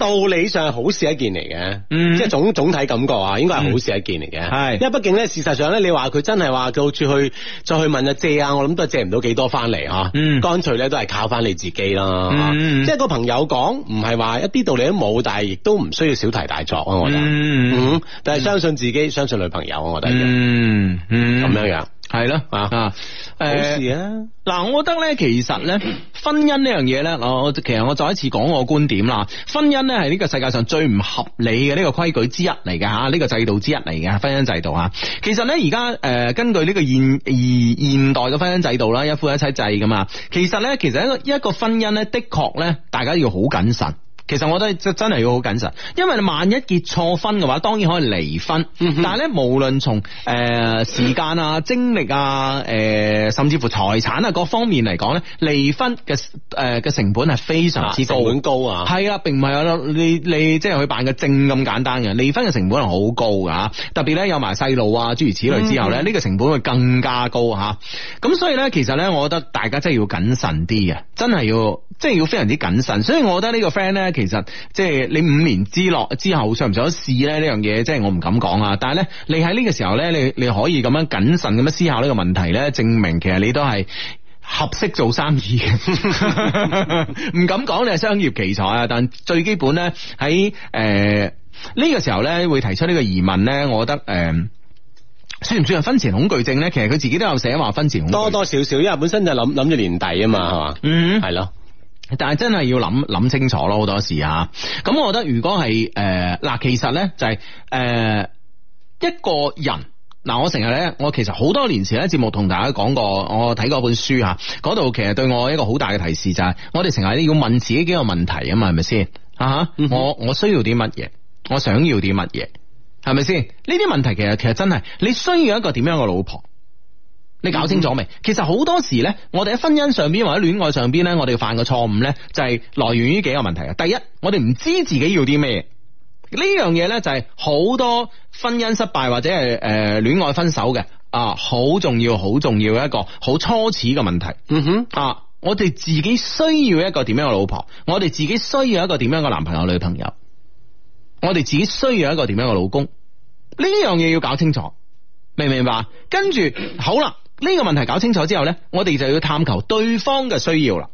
道理上係好事一件嚟嘅。嗯，即係總總體感覺啊，應該係好事一件嚟嘅。係、嗯，因為畢竟咧，事實上咧，你話佢真係話到處去再去問人借啊，我諗、嗯、都係借唔到幾多翻嚟吓，乾脆咧都係靠翻你自己啦、嗯。即係個朋友講，唔係話一啲道理都冇，但係亦都唔需要小題大作啊、嗯。我覺得，嗯，但係相信自己、嗯，相信女朋友，我覺得，咁、嗯嗯、樣樣。係咯啊！好事啊！嗱，我覺得咧，其實咧，婚姻呢樣嘢咧，我其實我再一次講我觀點啦。婚姻咧係呢個世界上最唔合理嘅呢個規矩之一嚟嘅吓，呢個制度之一嚟嘅婚姻制度啊。其實咧而家誒，根據呢個現現代嘅婚姻制度啦，一夫一妻制㗎嘛。其實咧，其實一個一個婚姻咧，的確咧，大家要好謹慎。其實我覺得真真係要好謹慎，因為你萬一結錯婚嘅話，當然可以離婚。嗯、但係咧，無論從誒時間啊、精力啊、誒、呃、甚至乎財產啊各方面嚟講咧，離婚嘅誒嘅成本係非常之高，成本高啊係啊，並唔係有你你即係、就是、去辦個證咁簡單嘅，離婚嘅成本係好高噶，特別咧有埋細路啊諸如此類之後咧，呢、嗯這個成本會更加高吓。咁所以咧，其實咧，我覺得大家真係要謹慎啲嘅，真係要即係要，要非常之謹慎。所以我覺得呢個 friend 咧。其實即係你五年之落之後想唔想試咧呢樣嘢，即係我唔敢講啊。但係咧，你喺呢個時候咧，你你可以咁樣謹慎咁樣思考呢個問題咧，證明其實你都係合適做生意嘅。唔 敢講你係商業奇才啊，但最基本咧喺誒呢、呃這個時候咧會提出呢個疑問咧，我覺得誒、呃、算唔算係婚前恐懼症咧？其實佢自己都有寫話婚前恐懼症多多少少，因為本身就諗諗住年底啊嘛，係嘛，嗯，係咯。但係真係要諗諗清楚咯，好多事吓。咁、啊、我覺得如果係誒嗱，其實呢就係、是、誒、呃、一個人嗱、啊，我成日呢，我其實好多年前喺節目同大家講過，我睇過一本書吓，嗰、啊、度其實對我一個好大嘅提示就係、是，我哋成日要問自己幾個問題啊嘛，係咪先啊？我我需要啲乜嘢？我想要啲乜嘢？係咪先？呢啲問題其實其實真係你需要一個點樣嘅老婆。你搞清楚未？其實好多時呢，我哋喺婚姻上邊或者戀愛上邊呢，我哋犯嘅錯誤呢，就係、是、來源於幾個問題啊！第一，我哋唔知自己要啲咩，呢樣嘢呢，就係好多婚姻失敗或者係誒、呃、戀愛分手嘅啊，好重要好重要嘅一個好初始嘅問題。嗯哼啊，我哋自己需要一個點樣嘅老婆，我哋自己需要一個點樣嘅男朋友女朋友，我哋自己需要一個點樣嘅老公，呢樣嘢要搞清楚，明唔明白？跟住好啦。呢個問題搞清楚之後咧，我哋就要探求對方嘅需要啦。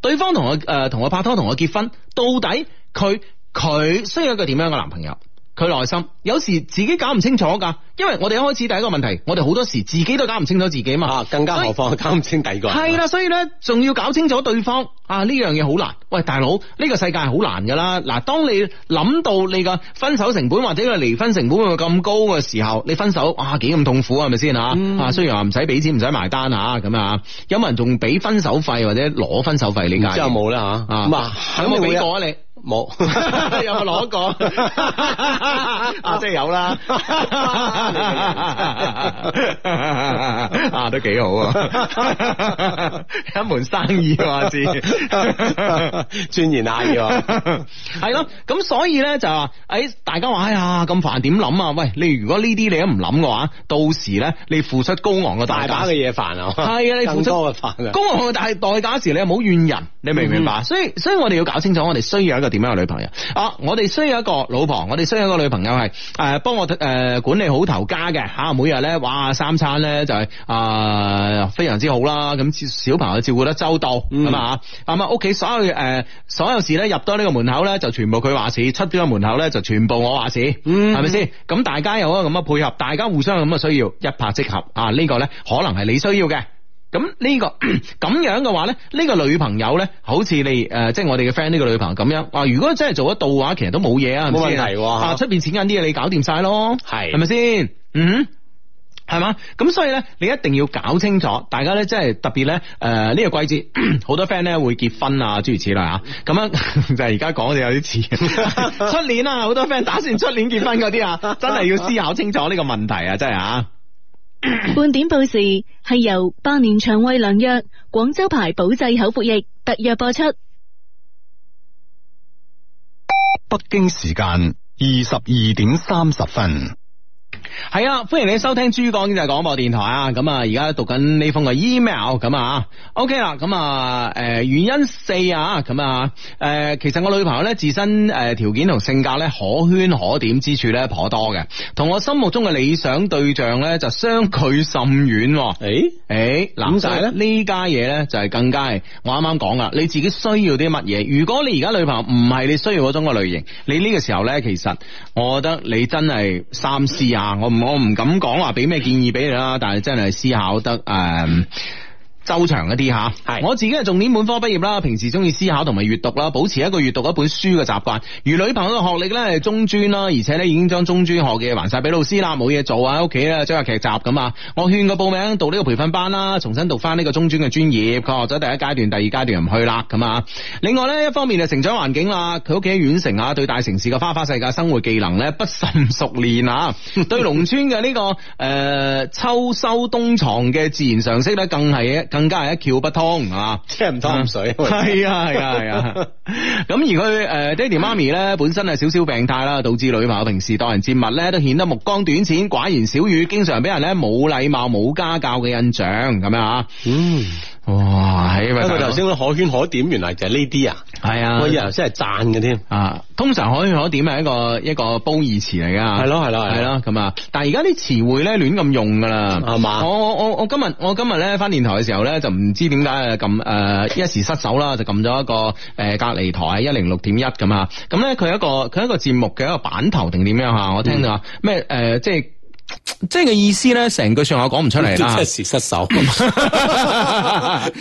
對方同我誒，同我拍拖，同我結婚，到底佢佢需要一個點樣嘅男朋友？佢內心有時自己搞唔清楚噶，因為我哋一開始第一個問題，我哋好多時自己都搞唔清楚自己嘛，更加何況搞唔清第二個人？係啦，所以呢，仲要搞清楚對方啊呢樣嘢好難。喂，大佬呢、這個世界好難噶啦。嗱，當你諗到你嘅分手成本或者個離婚成本會咁高嘅時候，你分手啊幾咁痛苦係咪先啊？雖然話唔使俾錢唔使埋單啊，咁、啊、有冇人仲俾分手費或者攞分手費？手費你咁就冇啦吓，咁啊俾過、啊嗯你，啊啊、你？冇有冇攞過 啊？即係有啦，啊，啊都幾好， 一門生意喎，知鑽研下嘢喎，係 咯。咁所以咧就話，誒，大家話，哎呀咁煩，點諗啊？喂，你如果呢啲你都唔諗嘅話，到時咧你付出高昂嘅大把嘅嘢煩啊，係啊，你付出嘅煩嘅高昂嘅大代價時，時，你又冇怨人，你明唔明白、嗯？所以，所以我哋要搞清楚我哋需要一個。點樣嘅女朋友？啊，我哋需要一個老婆，我哋需要一個女朋友係誒，幫、呃、我誒、呃、管理好頭家嘅吓、啊，每日咧哇三餐咧就係啊非常之好啦，咁小朋友照顧得周到咁、嗯、啊，咁屋企所有誒、呃、所有事咧入到呢個門口咧就全部佢話事，出咗門口咧就全部我話事，嗯係咪先？咁、啊、大家有一個咁嘅配合，大家互相有咁嘅需要，一拍即合啊！呢個、呢個咧可能係你需要嘅。咁呢、這個咁樣嘅話咧，呢、這個女朋友咧，好似你誒，即、呃、係、就是、我哋嘅 friend 呢個女朋友咁樣啊、呃。如果真係做得到嘅話，其實都冇嘢啊，係咪先？冇問題、啊，出邊錢緊啲嘢你搞掂晒咯，係係咪先？嗯，係嘛？咁所以咧，你一定要搞清楚，大家咧，即係特別咧，誒，呢個季節好、呃、多 friend 咧會結婚啊，諸如此類吓、啊。咁樣 就係而家講嘅就有啲似，出 年啊，好多 friend 打算出年結婚嗰啲啊， 真係要思考清楚呢個問題啊，真係吓、啊。半點報時係由百年腸胃良藥廣州牌保濟口服液特約播出。北京時間二十二點三十分。係啊，歡迎你收聽珠江經濟廣播電台 email, 啊！咁、OK、啊，而家讀緊呢封嘅 email 咁啊，OK 啦，咁啊，誒，原因四啊，咁誒、啊呃，其實我女朋友咧自身誒、呃、條件同性格咧可圈可點之處咧頗多嘅，同我心目中嘅理想對象咧就相距甚遠。啊。誒、欸、誒，嗱、欸，咁但呢家嘢咧就係更加係，我啱啱講啊，你自己需要啲乜嘢？如果你而家女朋友唔係你需要嗰種嘅類型，你呢個時候咧，其實我覺得你真係三思啊！我我唔敢講話俾咩建議俾你啦，但係真係思考得誒。Um…… 周長一啲吓，係我自己係重點本科畢業啦，平時中意思考同埋閱讀啦，保持一個閱讀一本書嘅習慣。而女朋友嘅學歷咧係中專啦，而且咧已經將中專學嘅嘢還晒俾老師啦，冇嘢做喺屋企啦，追下劇集咁啊。我勸佢報名讀呢個培訓班啦，重新讀翻呢個中專嘅專業。佢學咗第一階段，第二階段又唔去啦咁啊。另外咧，一方面係成長環境啦，佢屋企喺縣城啊，對大城市嘅花花世界生活技能咧不甚熟練啊， 對農村嘅呢、這個誒、呃、秋收冬藏嘅自然常識咧更係更加係一竅不通啊！即係唔通水，係啊係啊係啊！咁、啊啊啊啊、 而佢誒，爹哋媽咪咧本身係少少病態啦，導 致女朋友平時待人接物咧都顯得目光短淺、寡言少語，經常俾人咧冇禮貌、冇家教嘅印象咁樣啊！嗯，哇！喺佢頭先可圈可點，原來就係呢啲啊！係啊，我以為頭先係讚嘅添啊！啊。通常可以可點係一個一個褒義詞嚟㗎，係咯係咯係咯咁。啊，但係而家啲詞彙咧亂咁用㗎啦，係嘛？我我我我今日我今日咧返電台嘅時候咧，就唔知點解啊，撳、呃、誒一時失手啦，就撳咗一個誒、呃、隔離台一零六點一咁啊。咁咧佢一個佢一個節目嘅一個版頭定點樣啊？我聽到咩誒即係。即係個意思咧，成句說話講唔出嚟、 啊啊、 啦。即時失手咁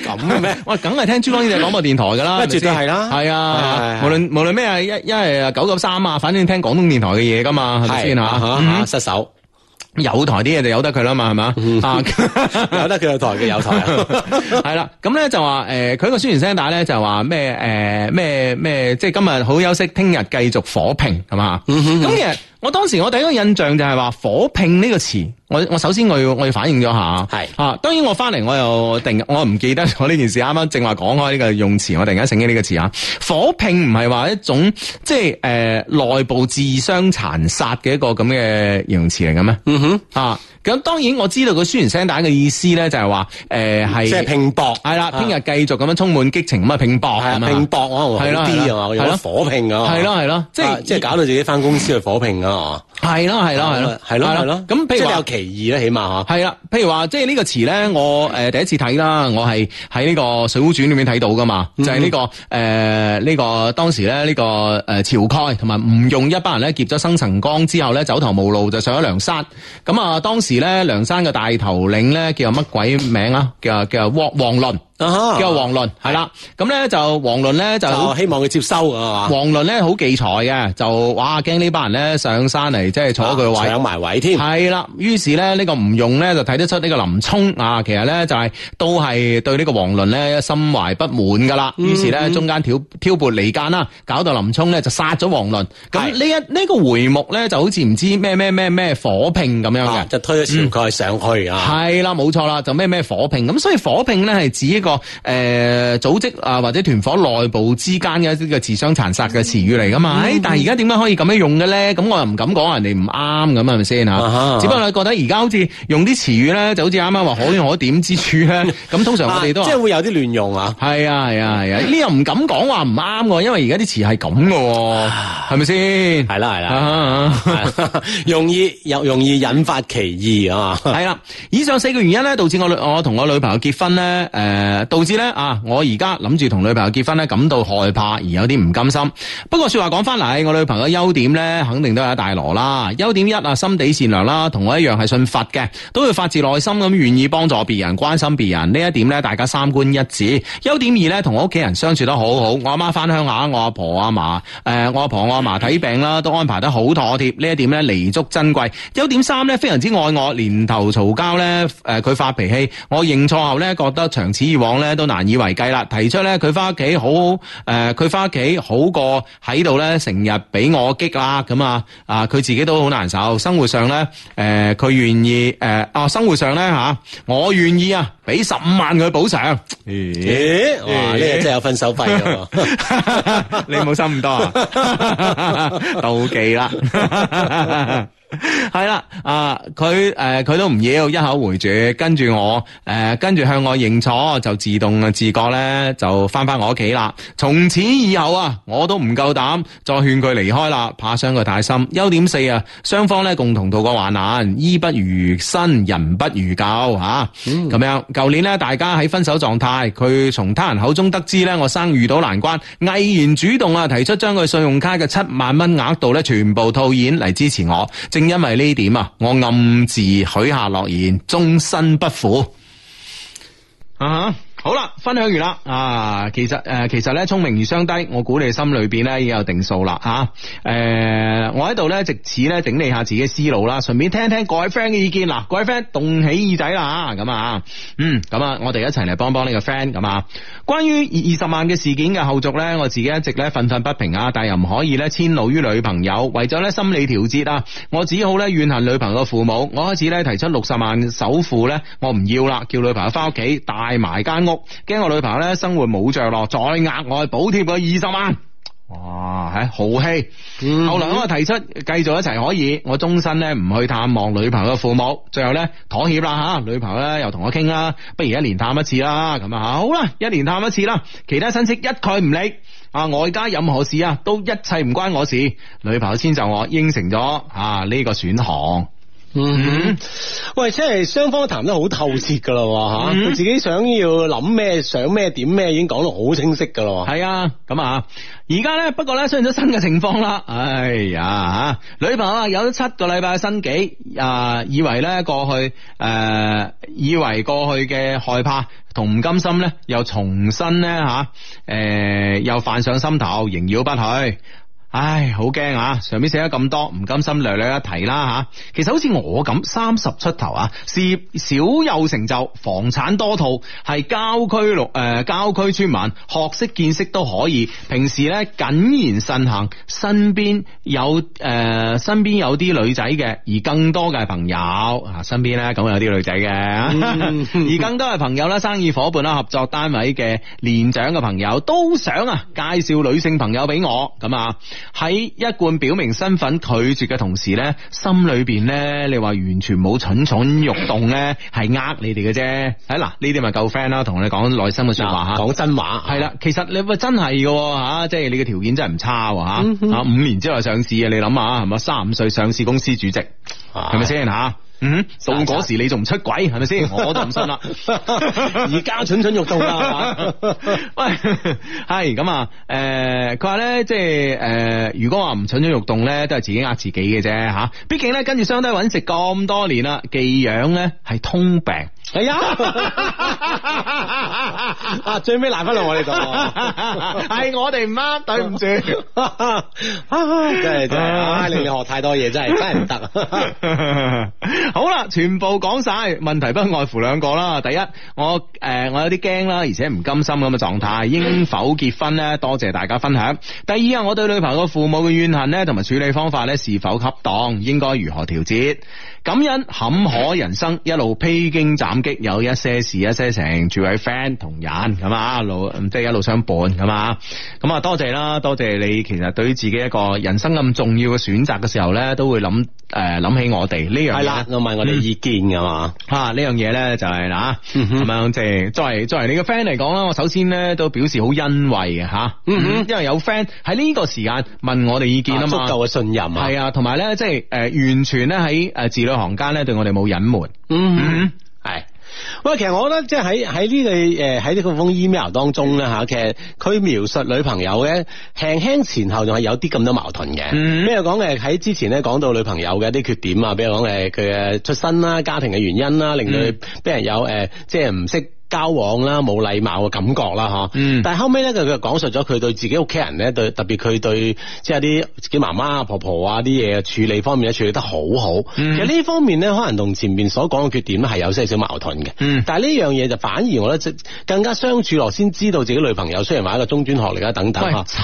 嘅咩？我梗係聽珠江經濟廣播電台噶啦，絕對係啦，係啊，無論無論咩啊，一一係九九三啊，反正聽廣東電台嘅嘢，噶嘛，係咪先吓？失手、嗯、有台啲嘢就有得佢啦嘛，係嘛？ 有得佢有台嘅有台，有台，係 啦、 啊。咁咧就話誒，佢、呃、個宣傳聲帶咧就話咩誒咩咩，即係今日好休息，聽日繼續火評係嘛？今日。 我當時我第一個印象就係話火拼呢個詞，我我首先我要我要反應咗下，係啊，當然我翻嚟我又定我唔記得我呢件事啱啱正話講開呢個用詞，我突然間醒起呢個詞啊，火拼唔係話一種即係誒、呃、內部自相殘殺嘅一個咁嘅形容詞嚟嘅咩？嗯哼啊，咁當然我知道個輸完聲帶嘅意思咧，就係話誒係即係拼搏，係啦，聽日繼續咁樣充滿激情啊，係拼搏係啊，拼搏我可能好啲啊，我用火拼啊，係咯係咯，即係即係搞到自己翻公司去火拼啊！哦，係咯，係咯，係咯，係咯，係咯，咁譬如即係有歧義咧，起碼吓係啦。譬如話，即係呢個詞咧，我誒、呃、第一次睇啦，我係喺呢個《水滸傳》裏面睇到噶嘛，就係呢個誒呢個當時咧呢個誒晁蓋同埋吳用一班人咧劫咗生辰綱之後咧，走投無路就上咗梁山。咁啊，當時咧梁山嘅大頭領咧叫乜鬼名啊？叫叫王王倫。叫王倫係啦，咁、啊、咧就王倫咧就希望佢接收係嘛啊。王倫咧好忌才嘅，就哇驚呢班人咧上山嚟，即係坐佢位有埋位添。係啦，於是咧呢個吳用咧就睇得出呢個林沖啊,其實咧就係、是、都係對個王呢個王倫咧心懷不滿噶啦。於、嗯、是咧中間挑挑撥離間啦，搞到林沖咧就殺咗王倫。咁呢一呢個回目咧就好似唔知咩咩咩咩火拼咁樣嘅、啊，就推咗晁蓋上去啊。係、嗯、啦，冇錯啦，就咩咩火拼咁，所以火拼咧係指一個。個、呃、誒組織啊或者團伙內部之間嘅一啲嘅自相殘殺嘅詞語嚟噶嘛？嗯嗯、但係而家點解可以咁樣用嘅咧？咁我又唔敢講人哋唔啱咁係咪先啊？只不過我覺得而家好似用啲詞語咧，就好似啱啱話可圈可點之處咧。咁、啊、通常我哋都、啊、即係會有啲亂用啊？係啊係啊係啊！呢、啊啊啊啊、 又唔敢講話唔啱嘅，因為而家啲詞係咁嘅，係咪先？係啦係啦，是啊是啊是啊、 容易又容易引發歧義啊！係啦，以上四個原因咧導致我我同我女朋友結婚咧誒。呃導致咧啊，我而家諗住同女朋友結婚咧，感到害怕，而有啲唔甘心。不過說話講翻嚟，我女朋友優點咧，肯定都有大籮啦。優點一啊，心地善良啦，同我一樣係信佛嘅，都會發自內心咁願意幫助別人、關心別人。呢一點咧，大家三觀一致。優點二咧，同我屋企人相處得好好，我阿媽翻鄉下，我阿婆阿嫲，誒，我阿婆我阿嫲睇病啦，都安排得好妥貼。呢一點咧，彌足珍貴。優點三咧，非常之愛我，連頭嘈交咧，誒，佢發脾氣，我認錯後咧，覺得長此以往咧都難以為繼啦，提出咧佢翻屋企好誒，佢翻屋企好過喺度咧，成日俾我激啦咁啊！啊、呃，佢自己都好難受，生活上咧誒，佢、呃、願意誒、呃、啊，生活上咧吓、啊，我願意啊，俾十五萬佢補償。咦、欸？呢、欸、真係有分手費啊！ 你唔好收咁多啊？ 妒忌啦了笑！係 啦，啊，佢誒，佢、呃、都唔要，一口回絕，跟住我誒、呃，跟住向我認錯，就自動自覺咧，就返返我屋企啦。從此以後啊，我都唔夠膽再勸佢離開啦，怕傷佢太深。優點四啊，雙方咧共同度過患難，衣不如新，人不如舊，吓、啊、咁、嗯、樣。舊年呢，大家喺分手狀態，佢從他人口中得知咧，我生遇到難關，毅然主動啊，提出將佢信用卡嘅七萬蚊額度咧，全部套現嚟支持我。因為呢點啊，我暗自許下諾言，終身不負。啊、uh -huh. 好啦，分享完啦、啊。其實誒、呃，其實咧，聰明如雙低，我估你心裏邊咧已經有定數啦吓。誒、啊，我喺度咧，借此咧整理下自己思路啦，順便聽聽各位 friend 嘅意見啦。各位 friend 動起耳仔啦，咁啊，嗯，咁、嗯、啊、嗯，我哋一齊嚟幫幫呢個 friend 咁啊。關於二二十萬嘅事件嘅後續咧，我自己一直咧憤憤不平啊，但係又唔可以咧遷怒於女朋友，為咗咧心理調節啊，我只好咧怨恨女朋友嘅父母。我開始咧提出六十萬首付咧，我唔要啦，叫女朋友翻屋企帶埋間屋。驚我女朋友咧生活冇着落，再額外補貼佢二十萬，哇，係豪氣。後、嗯、來我兩個提出繼續一齊可以，我終身咧唔去探望女朋友嘅父母。最後咧妥協啦吓，女朋友咧又同我傾啦，不如一年探一次啦。咁啊吓，好啦，一年探一次啦，其他親戚一概唔理，外加任何事啊都一切唔關我事。女朋友遷就我應，應承咗啊呢個選項。嗯、mm -hmm.，喂，即係雙方談得好透徹噶喇吓，佢自己想要諗咩，想咩點咩，已經講得好清晰噶喎。係啊，咁啊，而家咧，不過咧出現咗新嘅情況啦，哎呀吓，女朋友啊，有咗七個禮拜嘅身紀，啊，以為咧過去誒、呃，以為過去嘅害怕同唔甘心咧，又重新咧吓，誒、啊呃，又泛上心頭，縈繞不去。唉，好驚啊！上面寫咗咁多，唔甘心略略一提啦吓。其實好似我咁，三十出頭啊，事業小有成就，房產多套，係郊區綠誒，郊區村民學識見識都可以。平時呢，謹言慎行，身邊有誒、呃，身邊有啲女仔嘅，而更多嘅朋友，身邊呢，咁有啲女仔嘅，嗯、 而更多嘅朋友啦，生意伙伴啦，合作單位嘅年長嘅朋友都想啊，介紹女性朋友俾我咁啊。喺一貫表明身份拒絕嘅同時咧，心裏邊咧，你話完全冇蠢蠢欲動咧，係呃 你哋嘅啫。喺嗱呢啲咪夠 friend 啦，同你講內心嘅說話吓，講真話係啦、嗯。其實你喂真係嘅吓，即係你嘅條件真係唔差吓。啊、嗯，五年之內上市嘅，你諗下，係咪？三五歲上市公司主席係咪先吓？嗯嗯，到嗰時你仲唔出軌係咪先？我都唔信啦，而 家蠢蠢欲動啦。 喂，係咁啊？誒、呃，佢話咧，即係誒、呃，如果話唔蠢蠢欲動咧，都係自己呃自己嘅啫吓。畢、啊、竟咧，跟住相低搵食咁多年啦，寄養咧係通病。係 啊，啊最尾難返嚟，我哋就係我哋唔啱，對唔住， 真係真係，你學太多嘢，真係真係唔得。 好啦，全部講晒，問題不外乎兩個啦。第一，我誒、呃、我有啲驚啦，而且唔甘心咁嘅狀態，應否結婚呢？多謝大家分享。第二，我對女朋友嘅父母嘅怨恨，呢，同埋處理方法呢，是否恰當？應該如何調節？感恩坎坷人生，一路披荊斬棘，有一些事，一些情，諸位 friend 同人咁啊，一路即係一路相伴咁啊，咁啊多謝啦，多謝你，其實對於自己一個人生咁重要嘅選擇嘅時候咧，都會諗誒諗起我哋呢樣嘢，我問我哋意見嘅嘛，吓、嗯、呢、啊、樣嘢咧就係、是、啦，咁、嗯、樣即係作為作為你嘅 friend 嚟講啦，我首先咧都表示好欣慰嘅，吓、啊嗯，因為有 friend 喺呢個時間問我哋意見啊嘛，足夠嘅信任係啊，同埋咧即係誒完全咧喺誒自律。行家咧對我哋冇隱瞞，嗯哼，係，喂，其實我覺得即係喺喺呢個誒喺呢封 email 當中咧吓，其實佢描述女朋友嘅輕輕前後仲係有啲咁多矛盾嘅，嗯，比如講誒喺之前咧講到女朋友嘅一啲缺點啊，比如講誒佢嘅出身啦、家庭嘅原因啦，令佢俾人有誒即係唔識。嗯呃就是交往啦，冇禮貌嘅感覺啦，吓，嗯，但係後尾咧，佢佢講述咗佢對自己屋企人咧，特別對特別佢對即係啲自己媽媽啊、婆婆啊啲嘢處處理方面咧，處理得好好。其實呢方面咧，可能同前面所講嘅缺點係有些少矛盾嘅。嗯，但係呢樣嘢就反而我覺得即更加相處落先，知道自己女朋友雖然話一個中專學歷啊等等。七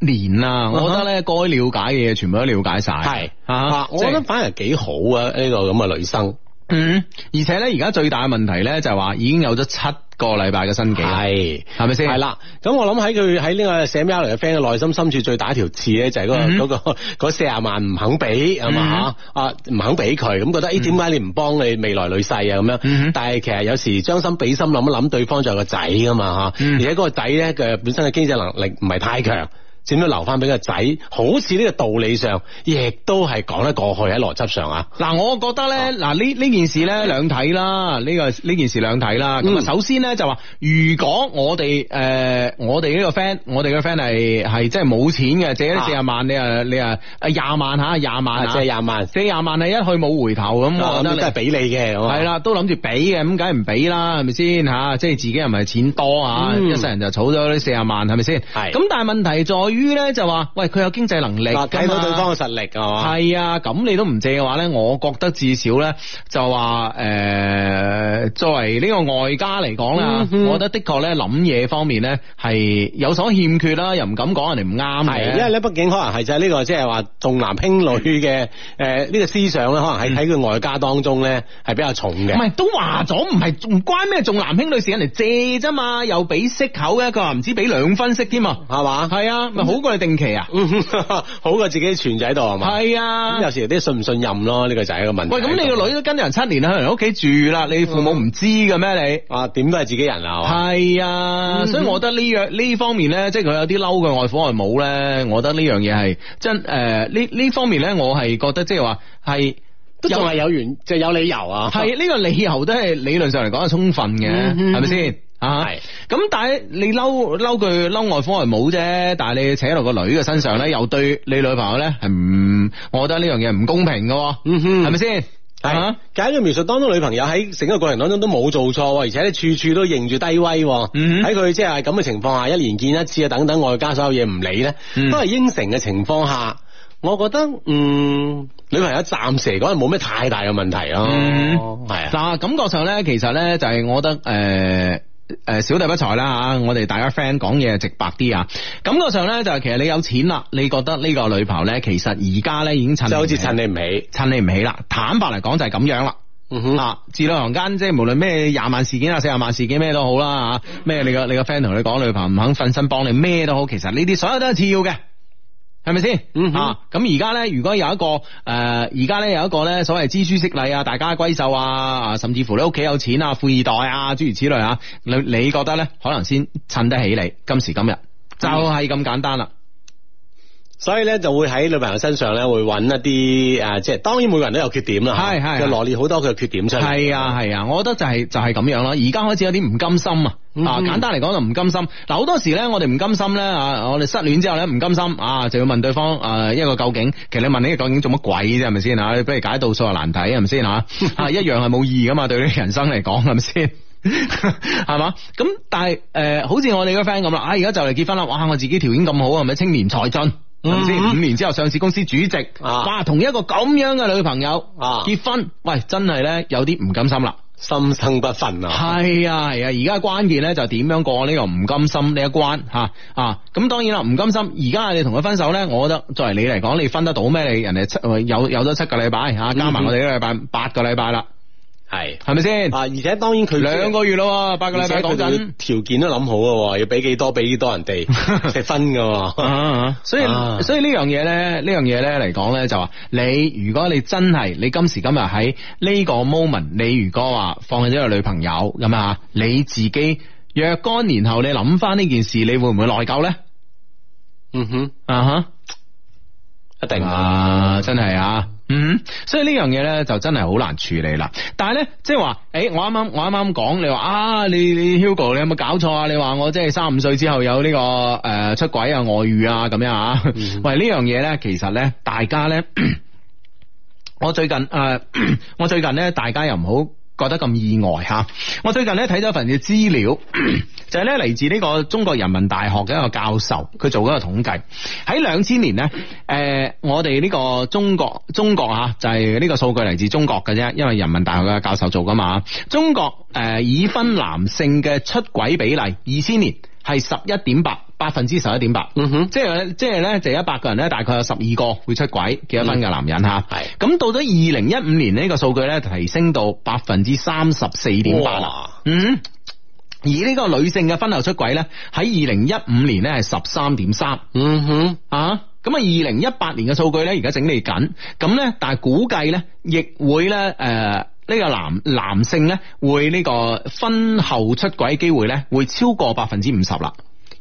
年啦，我覺得咧該了解嘅嘢全部都了解晒，係啊，我覺得反而幾好啊呢、就是這個咁嘅女生。嗯，而且咧，而家最大嘅問題咧，就係話已經有咗七個禮拜嘅新紀，係係咪先？係啦，咁我諗喺佢喺呢個寫 email 嚟嘅 friend 嘅內心深處最大條刺咧，嗰個，就係嗰個嗰個嗰四十萬唔肯俾係嘛吓，唔、嗯啊，肯俾佢，咁覺得誒，點、嗯、解你唔幫你未來女婿啊咁樣，嗯？但係其實有時將心比心諗一諗，對方仲有個仔噶嘛吓，而且個個仔咧嘅本身嘅經濟能力唔係太強。點樣留翻俾個仔？好似呢個道理上，亦都係講得過去喺邏輯上啊！嗱，我覺得咧，嗱呢呢件事咧兩睇啦，呢個呢件事兩睇啦。咁、嗯、啊，首先咧就話、是，如果我哋誒、呃，我哋呢個 friend，我哋嘅 friend 係係即係冇錢嘅，借咗四十萬，啊你啊你啊廿萬吓，廿萬借廿萬，四十萬係、啊啊、一去冇回頭咁，我覺得都係俾你嘅，係啦，都諗住俾嘅，咁梗係唔俾啦，係咪先吓？即係自己又唔係錢多吓、嗯，一世人就儲咗呢四十萬，係咪先？係咁，但係問題在。於咧就話喂佢有經濟能力睇到對方嘅實力啊。嘛係啊咁你都唔借嘅話咧，我覺得至少咧就話誒、呃、作為呢個外家嚟講咧，我覺得的確咧諗嘢方面咧係有所欠缺啦、啊，又唔敢講人哋唔啱嘅。係因為咧，畢、啊、竟可能係、這個、就係呢個即係話重男輕女嘅誒呢個思想咧，可能係喺佢外家當中咧係、嗯、比較重嘅。唔係都話咗唔係唔關咩重男輕女事，人嚟借啫嘛，又俾息口嘅，佢話唔知俾兩分息添，啊，係嘛係啊。好過你定期啊， 好過自己存仔喺度係嘛，係咁、啊、有時有啲信唔信任咯，呢、這個就係一個問題。喂，咁你個女都跟人七年喺人屋企住啦，你父母唔知嘅咩、嗯、你啊？點都係自己人啊？係啊、嗯，所以我覺得呢樣呢方面咧，即係佢有啲嬲佢外父外母咧，我覺得呢樣嘢係真誒呢呢方面咧，我係覺得即係話係都仲係有緣，就是、有理由啊。係呢、這個理由都係理論上嚟講係充分嘅，係咪先？係、啊、咁，但係你嬲嬲佢嬲外方外冇啫。但係你扯落個女嘅身上咧，又對你女朋友咧係唔，我覺得呢樣嘢唔公平嘅。嗯哼，係咪先係？咁嘅描述當中，女朋友喺成個過程當中都冇做錯，而且咧處處都認住低威。嗯，喺佢即係咁嘅情況下，一年見一次啊，等等外加所有嘢唔理咧，都係應承嘅情況下，我覺得嗯女朋友暫時講係冇咩太大嘅問題咯。係、嗯、嗱，啊、感覺上咧，其實咧就係我覺得誒。呃誒、呃，小弟不才啦吓，我哋大家 friend 講嘢直白啲啊，感覺上咧就係其實你有錢啦，你覺得呢個女朋友咧，其實而家咧已經趁，就好似趁你唔起，趁你唔起啦。坦白嚟講就係咁樣啦。嗯、哼，啊，字裏行間即係無論咩廿萬事件啊，四十萬事件咩都好啦吓，咩你個你個 friend 同你講女朋友唔肯瞓身幫你咩都好，其實呢啲所有都係次要嘅。係咪先？啊，咁而家咧，如果有一個誒，而家咧有一個咧，所謂知書識禮啊，大家閨秀啊，啊，甚至乎你屋企有錢啊，富二代啊，諸如此類啊，你你覺得咧，可能先襯得起你今時今日，嗯、就係、是、咁簡單啦。所以咧，就會喺女朋友身上咧，會揾一啲誒，即係當然每個人都有缺點啦，係係，就羅列好多佢嘅缺點出嚟。係啊係啊，啊，我覺得就係、是、就係、是、咁樣囉。而家開始有啲唔甘心啊。嗱、啊，簡單嚟講就唔甘心。嗱，好多時咧，我哋唔甘心咧啊，我哋失戀之後咧唔甘心啊，就要問對方啊，一個究竟，其實你問呢個究竟做乜鬼啫，係咪先啊？你不如解一道數學難題，係咪先啊？啊， 一樣係冇意義噶嘛，對你人生嚟講，係咪先？係 嘛？咁但係誒、呃，好似我哋個 friend 咁啦，啊，而家就嚟結婚啦，哇，我自己條件咁好啊，係咪？青年才俊，係咪先？五、嗯、年之後上市公司主席，啊、哇，同一個咁樣嘅女朋友結婚，喂，真係咧有啲唔甘心啦。心生不忿啊，啊！係啊，係啊，而家關鍵咧就點樣過呢個唔甘心呢一關吓啊！咁、啊、當然啦，唔甘心，而家你同佢分手咧，我覺得作為你嚟講，你分得到咩？你人哋七有有咗七個禮拜吓，加埋我哋一個禮拜、嗯，八個禮拜啦。係，係咪先？而且當然佢兩個月咯，八個禮拜嗰陣，條件都諗好嘅，要俾幾多俾幾多人哋食 分嘅的。 所以所以呢樣嘢咧， 這件事呢樣嘢咧嚟講咧，就話、是、你如果你真係你今時今日喺呢個 moment，你如果話放棄咗個女朋友咁啊，你自己若干年後你諗翻呢件事，你會唔會內疚咧？嗯哼，啊吓，一定啊，啊，真係啊！嗯，所以呢樣嘢咧就真係好難處理啦。但係咧，即係話，誒，我啱啱我啱啱講，你話啊，你你 Hugo，你有冇搞錯啊？你話我即係三五歲之後有呢個誒出軌啊外遇啊咁樣啊。Mm -hmm. 喂，呢樣嘢咧，其實咧，大家咧，我最近誒，我最近咧，大家又唔好覺得咁意外吓。我最近咧睇咗一份嘅資料。 就係咧，嚟自呢個中國人民大學嘅一個教授，佢做咗一個統計。喺兩千年呢，誒、呃，我哋呢個中國中國吓、啊，就係、是、呢個數據嚟自中國嘅啫，因為人民大學嘅教授做噶嘛。中國誒已婚男性嘅出軌比例，二千年係十一點八百分之十一點八。嗯哼，即係即係咧，就一、是、百個人咧，大概有十二個會出軌，結咗婚嘅男人吓。係、嗯、咁到咗二零一五年這個數呢個數據咧，提升到百分之三十四點八。嗯而呢個女性嘅婚後出軌呢，喺二零一五年呢係十三點三。嗯哼啊，咁啊，二零一八年嘅數據呢，而家整理緊咁呢，但係估計呢，亦會呢，誒、這、呢個男男性呢，會呢個婚後出軌機會呢，會超過百分之五十啦。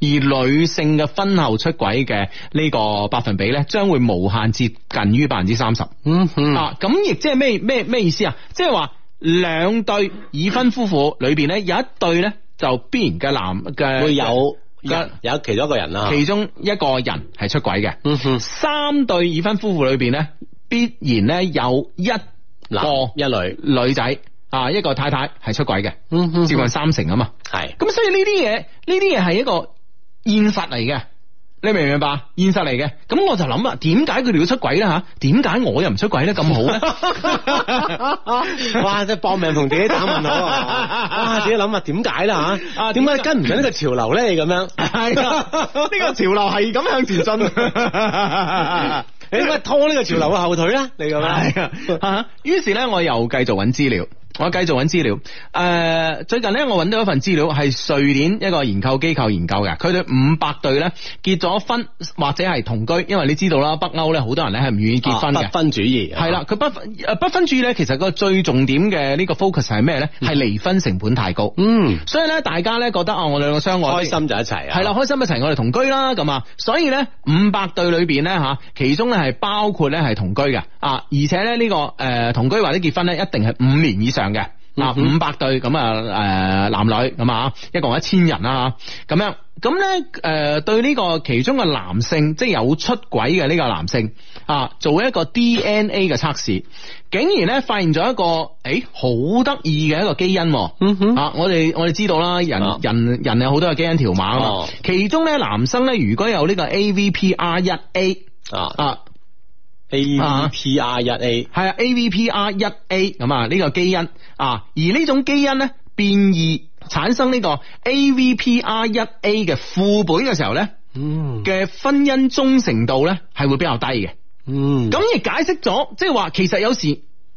而女性嘅婚後出軌嘅呢個百分比呢，將會無限接近於百分之三十。嗯哼，啊，咁亦即係咩咩咩意思啊？即係話兩對已婚夫婦裏邊呢，有一對呢。就必然嘅男嘅會有有有其中一個人啦，其中一個人係出軌嘅，嗯哼，三對已婚夫婦裏邊咧必然咧有一個女男一女女仔啊，一個太太係出軌嘅，嗯哼，接近三成啊嘛。係咁，所以呢啲嘢，呢啲嘢係一個現實嚟嘅。你明唔明白嗎？現實嚟嘅，咁我就諗啊，點解佢哋要出軌咧？吓，點解我又唔出軌咧？咁好咧？哇，即係搏命同自己打問號啊！自己諗下點解啦？吓，啊、點解跟唔上呢個潮流咧？咁樣，係呢 個潮流係咁向前進， 你點解拖呢個潮流嘅後腿呢？你咁啊，於 是咧，我又繼續揾資料。我繼續揾資料，誒、呃，最近呢，我揾到一份資料係瑞典一個研究機構研究嘅，佢對五百對呢結咗婚或者係同居，因為你知道啦，北歐呢好多人呢係唔願意結婚嘅，啊，不婚主義係啦，佢不婚誒不婚主義呢，其實個最重點嘅呢個 focus 係咩呢？係離婚成本太高，嗯，所以呢，大家呢覺得我哋兩個相愛開心就一齊，係啦，開心一齊我哋同居啦，咁啊，所以呢，五百對裏邊呢，吓，其中呢係包括呢係同居嘅啊，而且呢，這個，呢個誒同居或者結婚呢，一定係五年以上。樣嘅嗱五百對咁啊誒男女咁啊，一共一千人啦，咁樣咁咧誒對呢個其中嘅男性，即係有出軌嘅呢個男性啊，做一個 DNA 嘅測試，竟然咧發現咗一個誒好得意嘅一個基因、啊，嗯哼啊，我哋我哋知道啦，人、啊、人人有好多嘅基因條碼、哦、其中咧男生咧如果有呢個 AVPR 一 A 啊。啊 A, -A, 啊啊、A V P R 一 A 係啊，A V P R 一 A 咁啊，呢、呢個基因啊，而呢種基因咧變異產生呢個 A V P R 一 A 嘅副本嘅時候咧，嗯嘅婚姻忠誠度咧係會比較低嘅，嗯咁亦解釋咗，即係話其實有時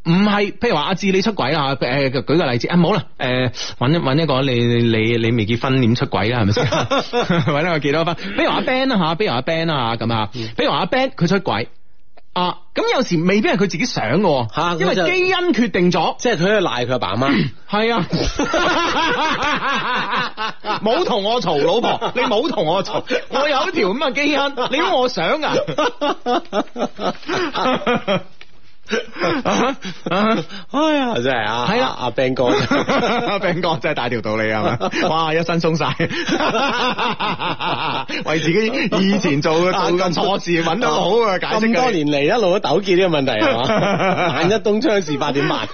唔係，譬如話阿志你出軌啊，誒舉個例子啊，冇啦，誒、啊、搵一搵一個你你你未結婚點出軌啦，係咪先？搵 一個幾多分？比如阿 Ben 啊，吓、啊啊，比如阿 Ben 啦吓咁吓，比如阿 Ben 佢出軌。啊，咁有時未必係佢自己想喎，吓，因為基因決定咗、啊，即係佢喺度賴佢阿爸阿媽，係啊，冇 同 我嘈老婆，你冇同我嘈，我有一條咁嘅基因，你話我想啊。 啊啊、哎呀，真係啊！係啦，阿、啊、Ben 哥 ，Ben 哥真係大條道理啊！哇，一身鬆晒， 為自己以前做嘅錯、 嗯、事揾得好啊！解釋咁多年嚟一路都糾結呢個問題，萬 一東窗事發點辦？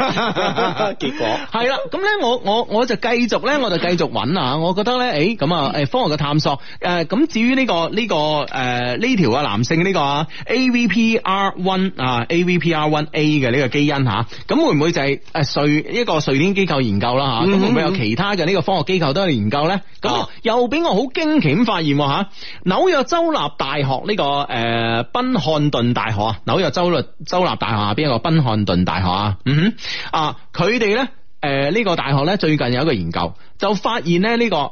結果係啦，咁咧我我我就繼續咧我就繼續揾啊！我覺得咧，誒咁誒科學嘅探索誒咁、呃、至於呢、這個呢、這個誒呢條男性呢、這個啊 A V P R one 啊 A V P R one。A 嘅呢個基因吓，咁會唔會就係誒瑞一個瑞典機構研究啦吓，咁、嗯、會唔會有其他嘅呢個科學機構都去研究咧？咁、哦、又俾我好驚奇咁發現吓，紐約州立大學呢、這個誒賓、呃、漢頓大學啊，紐約州立州立大學邊一個賓漢頓大學啊？嗯哼，啊，佢哋咧誒呢、呃這個大學咧最近有一個研究，就發現咧呢個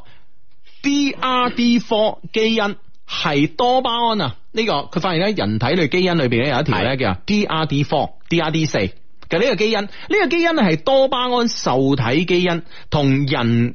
DRD4 基因係多巴胺啊，呢、這個佢發現咧人體內基因裏邊咧有一條咧叫做 DRD4。D R D 四，其實呢個基因，呢個基因係多巴胺受體基因，同人誒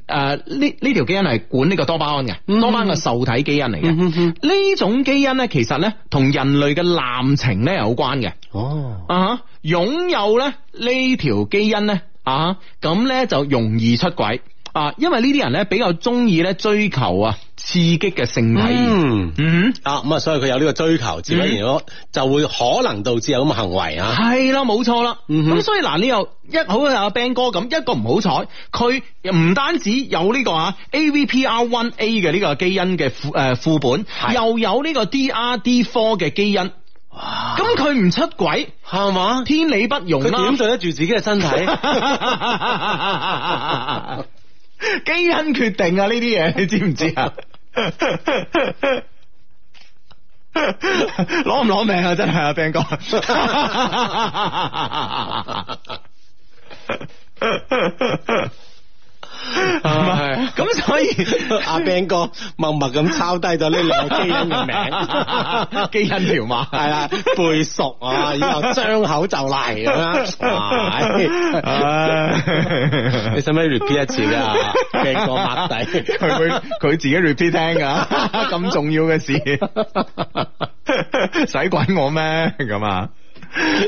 呢呢條基因係管呢個多巴胺嘅，mm -hmm. 多巴胺嘅受體基因嚟嘅。呢、mm -hmm. 種基因咧，其實咧同人類嘅濫情咧有關嘅。哦，啊擁有咧呢條基因咧啊，咁、uh、咧 -huh, 就容易出軌。啊，因為呢啲人咧比較中意咧追求啊刺激嘅性體，嗯嗯，啊、嗯、咁啊，所以佢有呢個追求，自不然如果就會可能導致有咁嘅行為啊。係啦，冇錯啦。咁、嗯、所以嗱，呢又一好似阿 Ben 哥咁一個唔好彩，佢唔單止有呢、這個啊 A V P R one A 嘅呢個基因嘅誒副、副本，又有呢個 D R D 4嘅基因。哇！咁佢唔出軌係嘛？天理不容啦。佢點對得住自己嘅身體？ 基因決定啊！呢啲嘢你知唔知啊？攞唔攞命啊！真係啊，病 Ben 哥。 阿、 啊、Ben 哥默默咁抄低咗呢兩個基因嘅名， 基因條碼係啦，背熟啊，然後張口就嚟咁啊！ 你使唔使 repeat 一次噶？Ben 哥拍底，佢會佢自己 repeat 聽噶？咁 重要嘅事，使 鬼 我咩咁啊？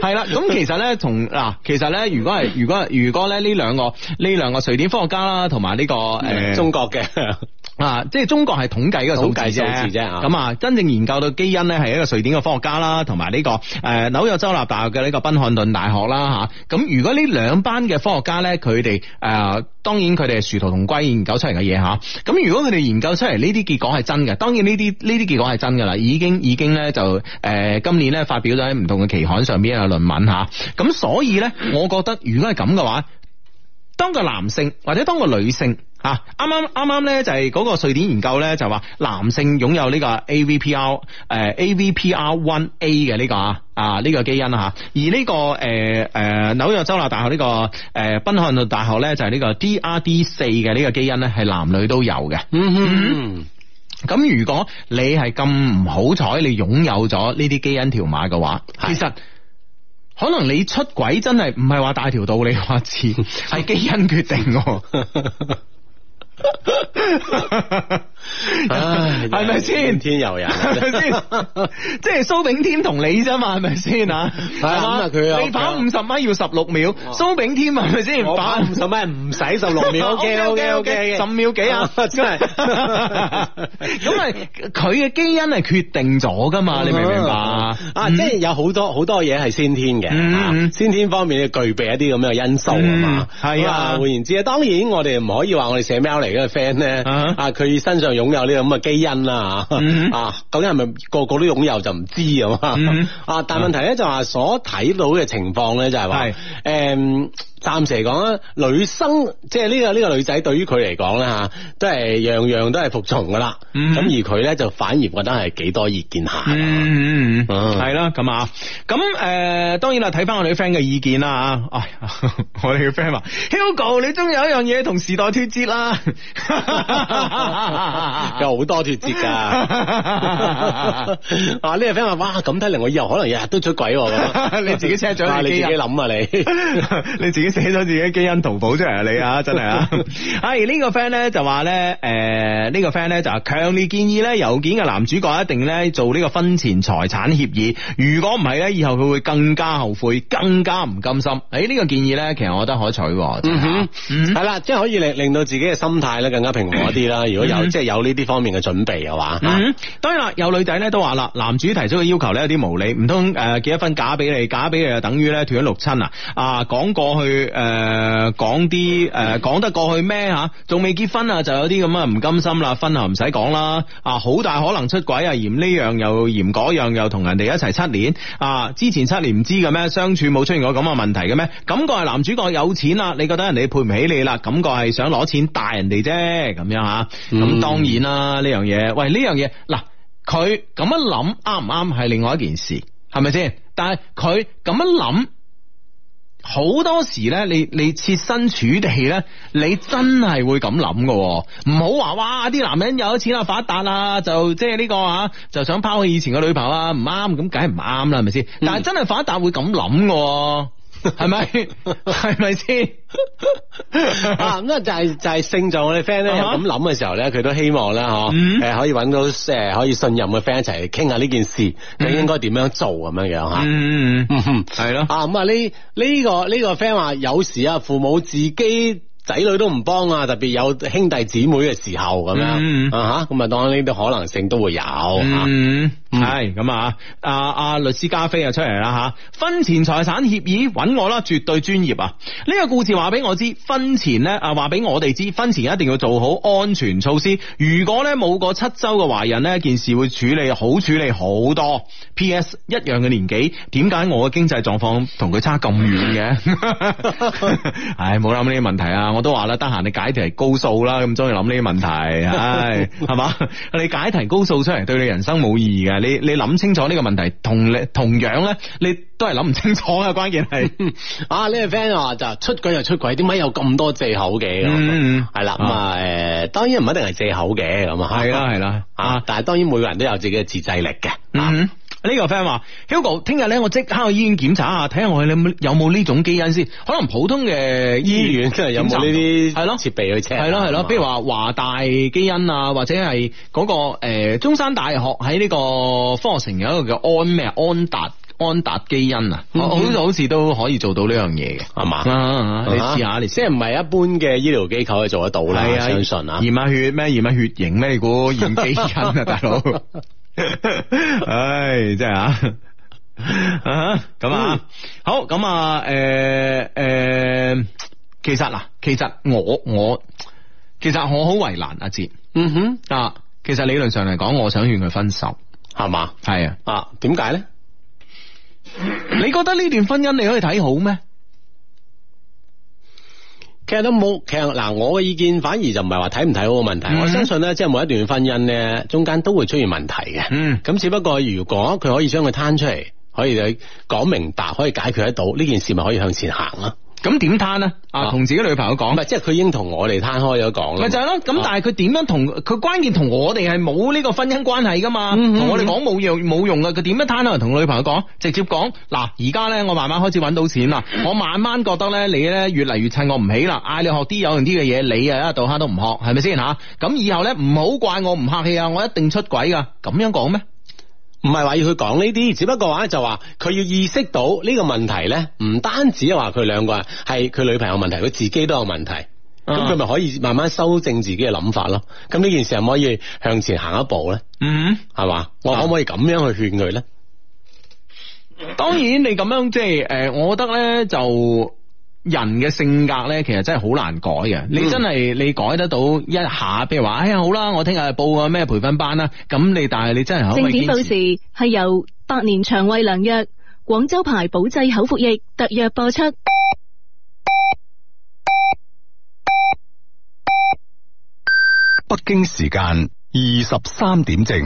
係啦，咁其實咧，同嗱，其實咧，如果係，如果係，如果咧，呢兩個呢兩個瑞典科學家啦，同埋呢個誒、呃，中國嘅。 啊，即係中國係統計呢個數字啫，咁啊，真正研究到基因呢係一個瑞典嘅科學家啦，同埋呢個誒紐約州立大學嘅呢個賓漢頓大學啦，吓、啊、咁。如果呢兩班嘅科學家呢，佢哋誒，當然佢哋係殊途同歸研究出嚟嘅嘢吓。咁、啊、如果佢哋研究出嚟呢啲結果係真嘅，當然呢啲呢啲結果係真噶啦，已經已經呢，就、呃、誒今年呢發表咗喺唔同嘅期刊上邊嘅論文吓。咁、啊啊、所以呢，我覺得如果係咁嘅話，當個男性或者當個女性。啊！啱啱啱啱咧就係、是、嗰個瑞典研究咧就話、是、男性擁有呢個 AVPR 誒、呃、AVPR one A 嘅呢、這個啊呢、這個基因吓、啊，而呢、這個誒誒、呃呃、紐約州立大學呢、這個誒賓漢頓大學咧就係、是、呢個 DRD 四嘅呢個基因咧係男女都有嘅。咁、嗯嗯、如果你係咁唔好彩，你擁有咗呢啲基因條碼嘅話，其實可能你出軌真係唔係話大條道理，你話錢係基因決定。 唉，係咪先？天有人？係咪先？即係蘇炳添同你啫嘛，係咪先啊？係啊，佢啊，你跑五十米要十六秒，蘇炳添係咪先？我跑五十米唔使十六秒，O K O K O K，十秒幾啊？真係咁啊！佢嘅基因係決定咗噶嘛？ 你明唔明白啊、嗯？啊，即係有好多好多嘢係先天嘅、嗯啊，先天方面要具備一啲咁樣嘅因素啊嘛。係、嗯、啊，換、啊、言之啊，當然我哋唔可以話我哋寫 M 嚟。而家 friend 咧啊，佢身上擁有呢個咁嘅基因啦嚇、uh -huh. 啊，究竟係咪個個都擁有就唔知咁啊？Uh -huh. 但問題咧就話所睇到嘅情況咧就係、係、話，誒、uh -huh.。Um, 暫時嚟講啊，女生即係呢個呢個女仔，對於佢嚟講咧吓，都係樣樣都係服從噶啦。咁、嗯、而佢咧就反而覺得係幾多意見下。嗯嗯嗯，係啦咁啊。咁誒、嗯呃，當然啦，睇翻我哋啲 friend 嘅意見啦，我哋嘅 friend 話：Hugo，你終於有一樣嘢同時代脱節啦。有好多脱節噶。啊，呢個 friend 話：哇，咁睇嚟我以後可能日日都出軌、啊。 你自己車掌你自己諗啊，你你自己。寫咗自己基因淘寶出嚟，啊，你啊，真係啊！哎， 呢、呃這個 friend 咧就話咧，誒，呢個 friend 咧就強烈建議咧，郵件嘅男主角一定咧做呢個婚前財產協議。如果唔係咧，以後佢會更加後悔，更加唔甘心。誒、欸、呢、這個建議咧，其實我覺得可取、就是啊。嗯係啦，即、嗯、係可以令令到自己嘅心態咧更加平和啲啦。如果有即係、就是、有呢啲方面嘅準備嘅話，嗯，嗯，當然啦，有女仔咧都話啦，男主提出嘅要求咧有啲無理，唔通誒，結一份假俾你，假俾你就等於咧斷咗六親啊！講過去。誒、呃，講啲誒，講、呃、得過去咩吓？仲未結婚啊，就有啲咁啊，唔甘心啦，婚後唔使講啦，啊，好大可能出軌啊，嫌呢樣又嫌嗰樣，又同人哋一齊七年啊，之前七年唔知嘅咩，相處冇出現過咁嘅問題嘅咩？感覺係男主角有錢啦，你覺得人哋配唔起你啦？感覺係想攞錢帶人哋啫，咁樣吓，咁、嗯、當然啦，呢樣嘢，喂，呢樣嘢嗱，佢咁樣諗啱唔啱係另外一件事，係咪先？但係佢咁樣諗。好多時咧，你你設身處地咧，你真係會咁諗噶，唔好話哇，啲男人有咗錢啊發達啦，就即係呢個啊就想拋棄以前嘅女朋友啊，唔啱咁，梗係唔啱啦，係咪先？嗯、但係真係發達會咁諗噶。係 咪不是？係咪先？咁啊，就係、是、就係、是，勝在我哋 friend 咧，咁諗嘅時候咧，佢都希望咧，誒、嗯啊，可以搵到可以信任嘅 friend 一齊傾傾下呢件事，你、嗯、應該點樣做咁樣樣吓。嗯嗯，係、嗯、咯。啊，咁啊、這個，呢、這、呢個呢個 friend 話，有時父母自己仔女都唔幫啊，特別有兄弟姊妹嘅時候咁樣啊吓，咁、嗯嗯、啊，當然呢啲可能性都會有、嗯啊係、嗯、咁、嗯、啊！阿、啊、阿律師加菲出啊出嚟啦吓，婚前財產協議揾我啦，絕對專業啊！呢、這個故事話俾我知，婚前咧啊話俾我哋知，婚前一定要做好安全措施。如果咧冇過七周嘅懷孕咧，件事會處理好處理好多。P.S. 一樣嘅年紀，點解我嘅經濟狀況同佢差咁遠嘅？ 唉，冇諗呢啲問題啊！我都話啦，得閒你解題係高數啦，咁中意諗呢啲問題，唉，係 嘛？你解題高數出嚟，對你人生冇意義嘅。你你諗清楚呢個問題，同你同樣咧，你都係諗唔清楚 啊，關鍵係啊，呢個 friend 啊就出軌又出軌，點解有咁多借口嘅？嗯嗯，係啦咁誒，當然唔一定係借口嘅咁啊。係啦係啦啊！但係當然每個人都有自己嘅自制力嘅。嗯，呢、這個 friend 話，Hugo，聽日咧，我即刻去醫院檢查下，睇下我有冇有冇呢種基因先。可能普通嘅醫院即係有冇呢啲係咯設備去檢查，係咯係咯。譬如話華大基因啊，或者係嗰、那個誒中山大學喺呢個科學城有一個叫安咩安達安達基因啊、嗯，好似都可以做到呢樣嘢嘅，係嘛、啊？你試下、啊、你試一下，雖然唔係一般嘅醫療機構去做得到啦，啊、相信啊。驗下血咩？驗下血型咩？你估驗基因啊，大佬？ 唉，真係啊，咁啊，好咁啊，誒、啊、誒、啊，其實嗱，其實我我，其實我好為難阿哲。嗯哼啊，其實理論上嚟講，我想勸佢分手，係嘛，係啊，啊，點解咧？你覺得呢段婚姻你可以睇好咩？其實都冇，其實嗱，我嘅意見反而就唔係話睇唔睇好個問題。嗯，我相信咧，即係每一段婚姻咧，中間都會出現問題嘅。咁、嗯、只不過如果佢可以將佢攤出嚟，可以講明白，可以解決得到呢件事，咪可以向前行咯。咁點攤啊？同自己女朋友講唔係，即係佢已經同我哋攤開咗講，咪就係、是、咯。咁但係佢點樣同佢、啊、關鍵同我哋係冇呢個婚姻關係噶嘛？同、嗯嗯、我哋講冇用冇用噶，佢點樣攤同女朋友講？直接講嗱，而家呢，我慢慢開始揾到錢啦，我慢慢覺得呢，你呢越嚟越襯我唔起啦，嗌你學啲有用啲嘅嘢，你啊一度下都唔學，係咪先吓？咁、啊、以後呢，唔好怪我唔客氣啊！我一定出軌噶，咁樣講咩？唔係話要佢講呢啲，只不過話就話佢要意識到呢個問題呢，唔單止係話佢兩個係佢女朋友問題，佢自己都有問題，咁佢咪可以慢慢修正自己嘅諗法咯。咁呢件事係咪可以向前行一步呢？嗯，係嘛，我可唔可以咁樣去勸佢呢、嗯？當然你樣，你咁樣即係我覺得呢就。人嘅性格呢，其實真係好難改嘅，嗯。你真係你改得到一下，譬如話，哎呀好啦，我聽日報個咩培訓班啦。咁你但係你真係好。正點報時，係由百年腸胃良藥廣州牌，保濟口服液特約播出。北京時間二十三點正。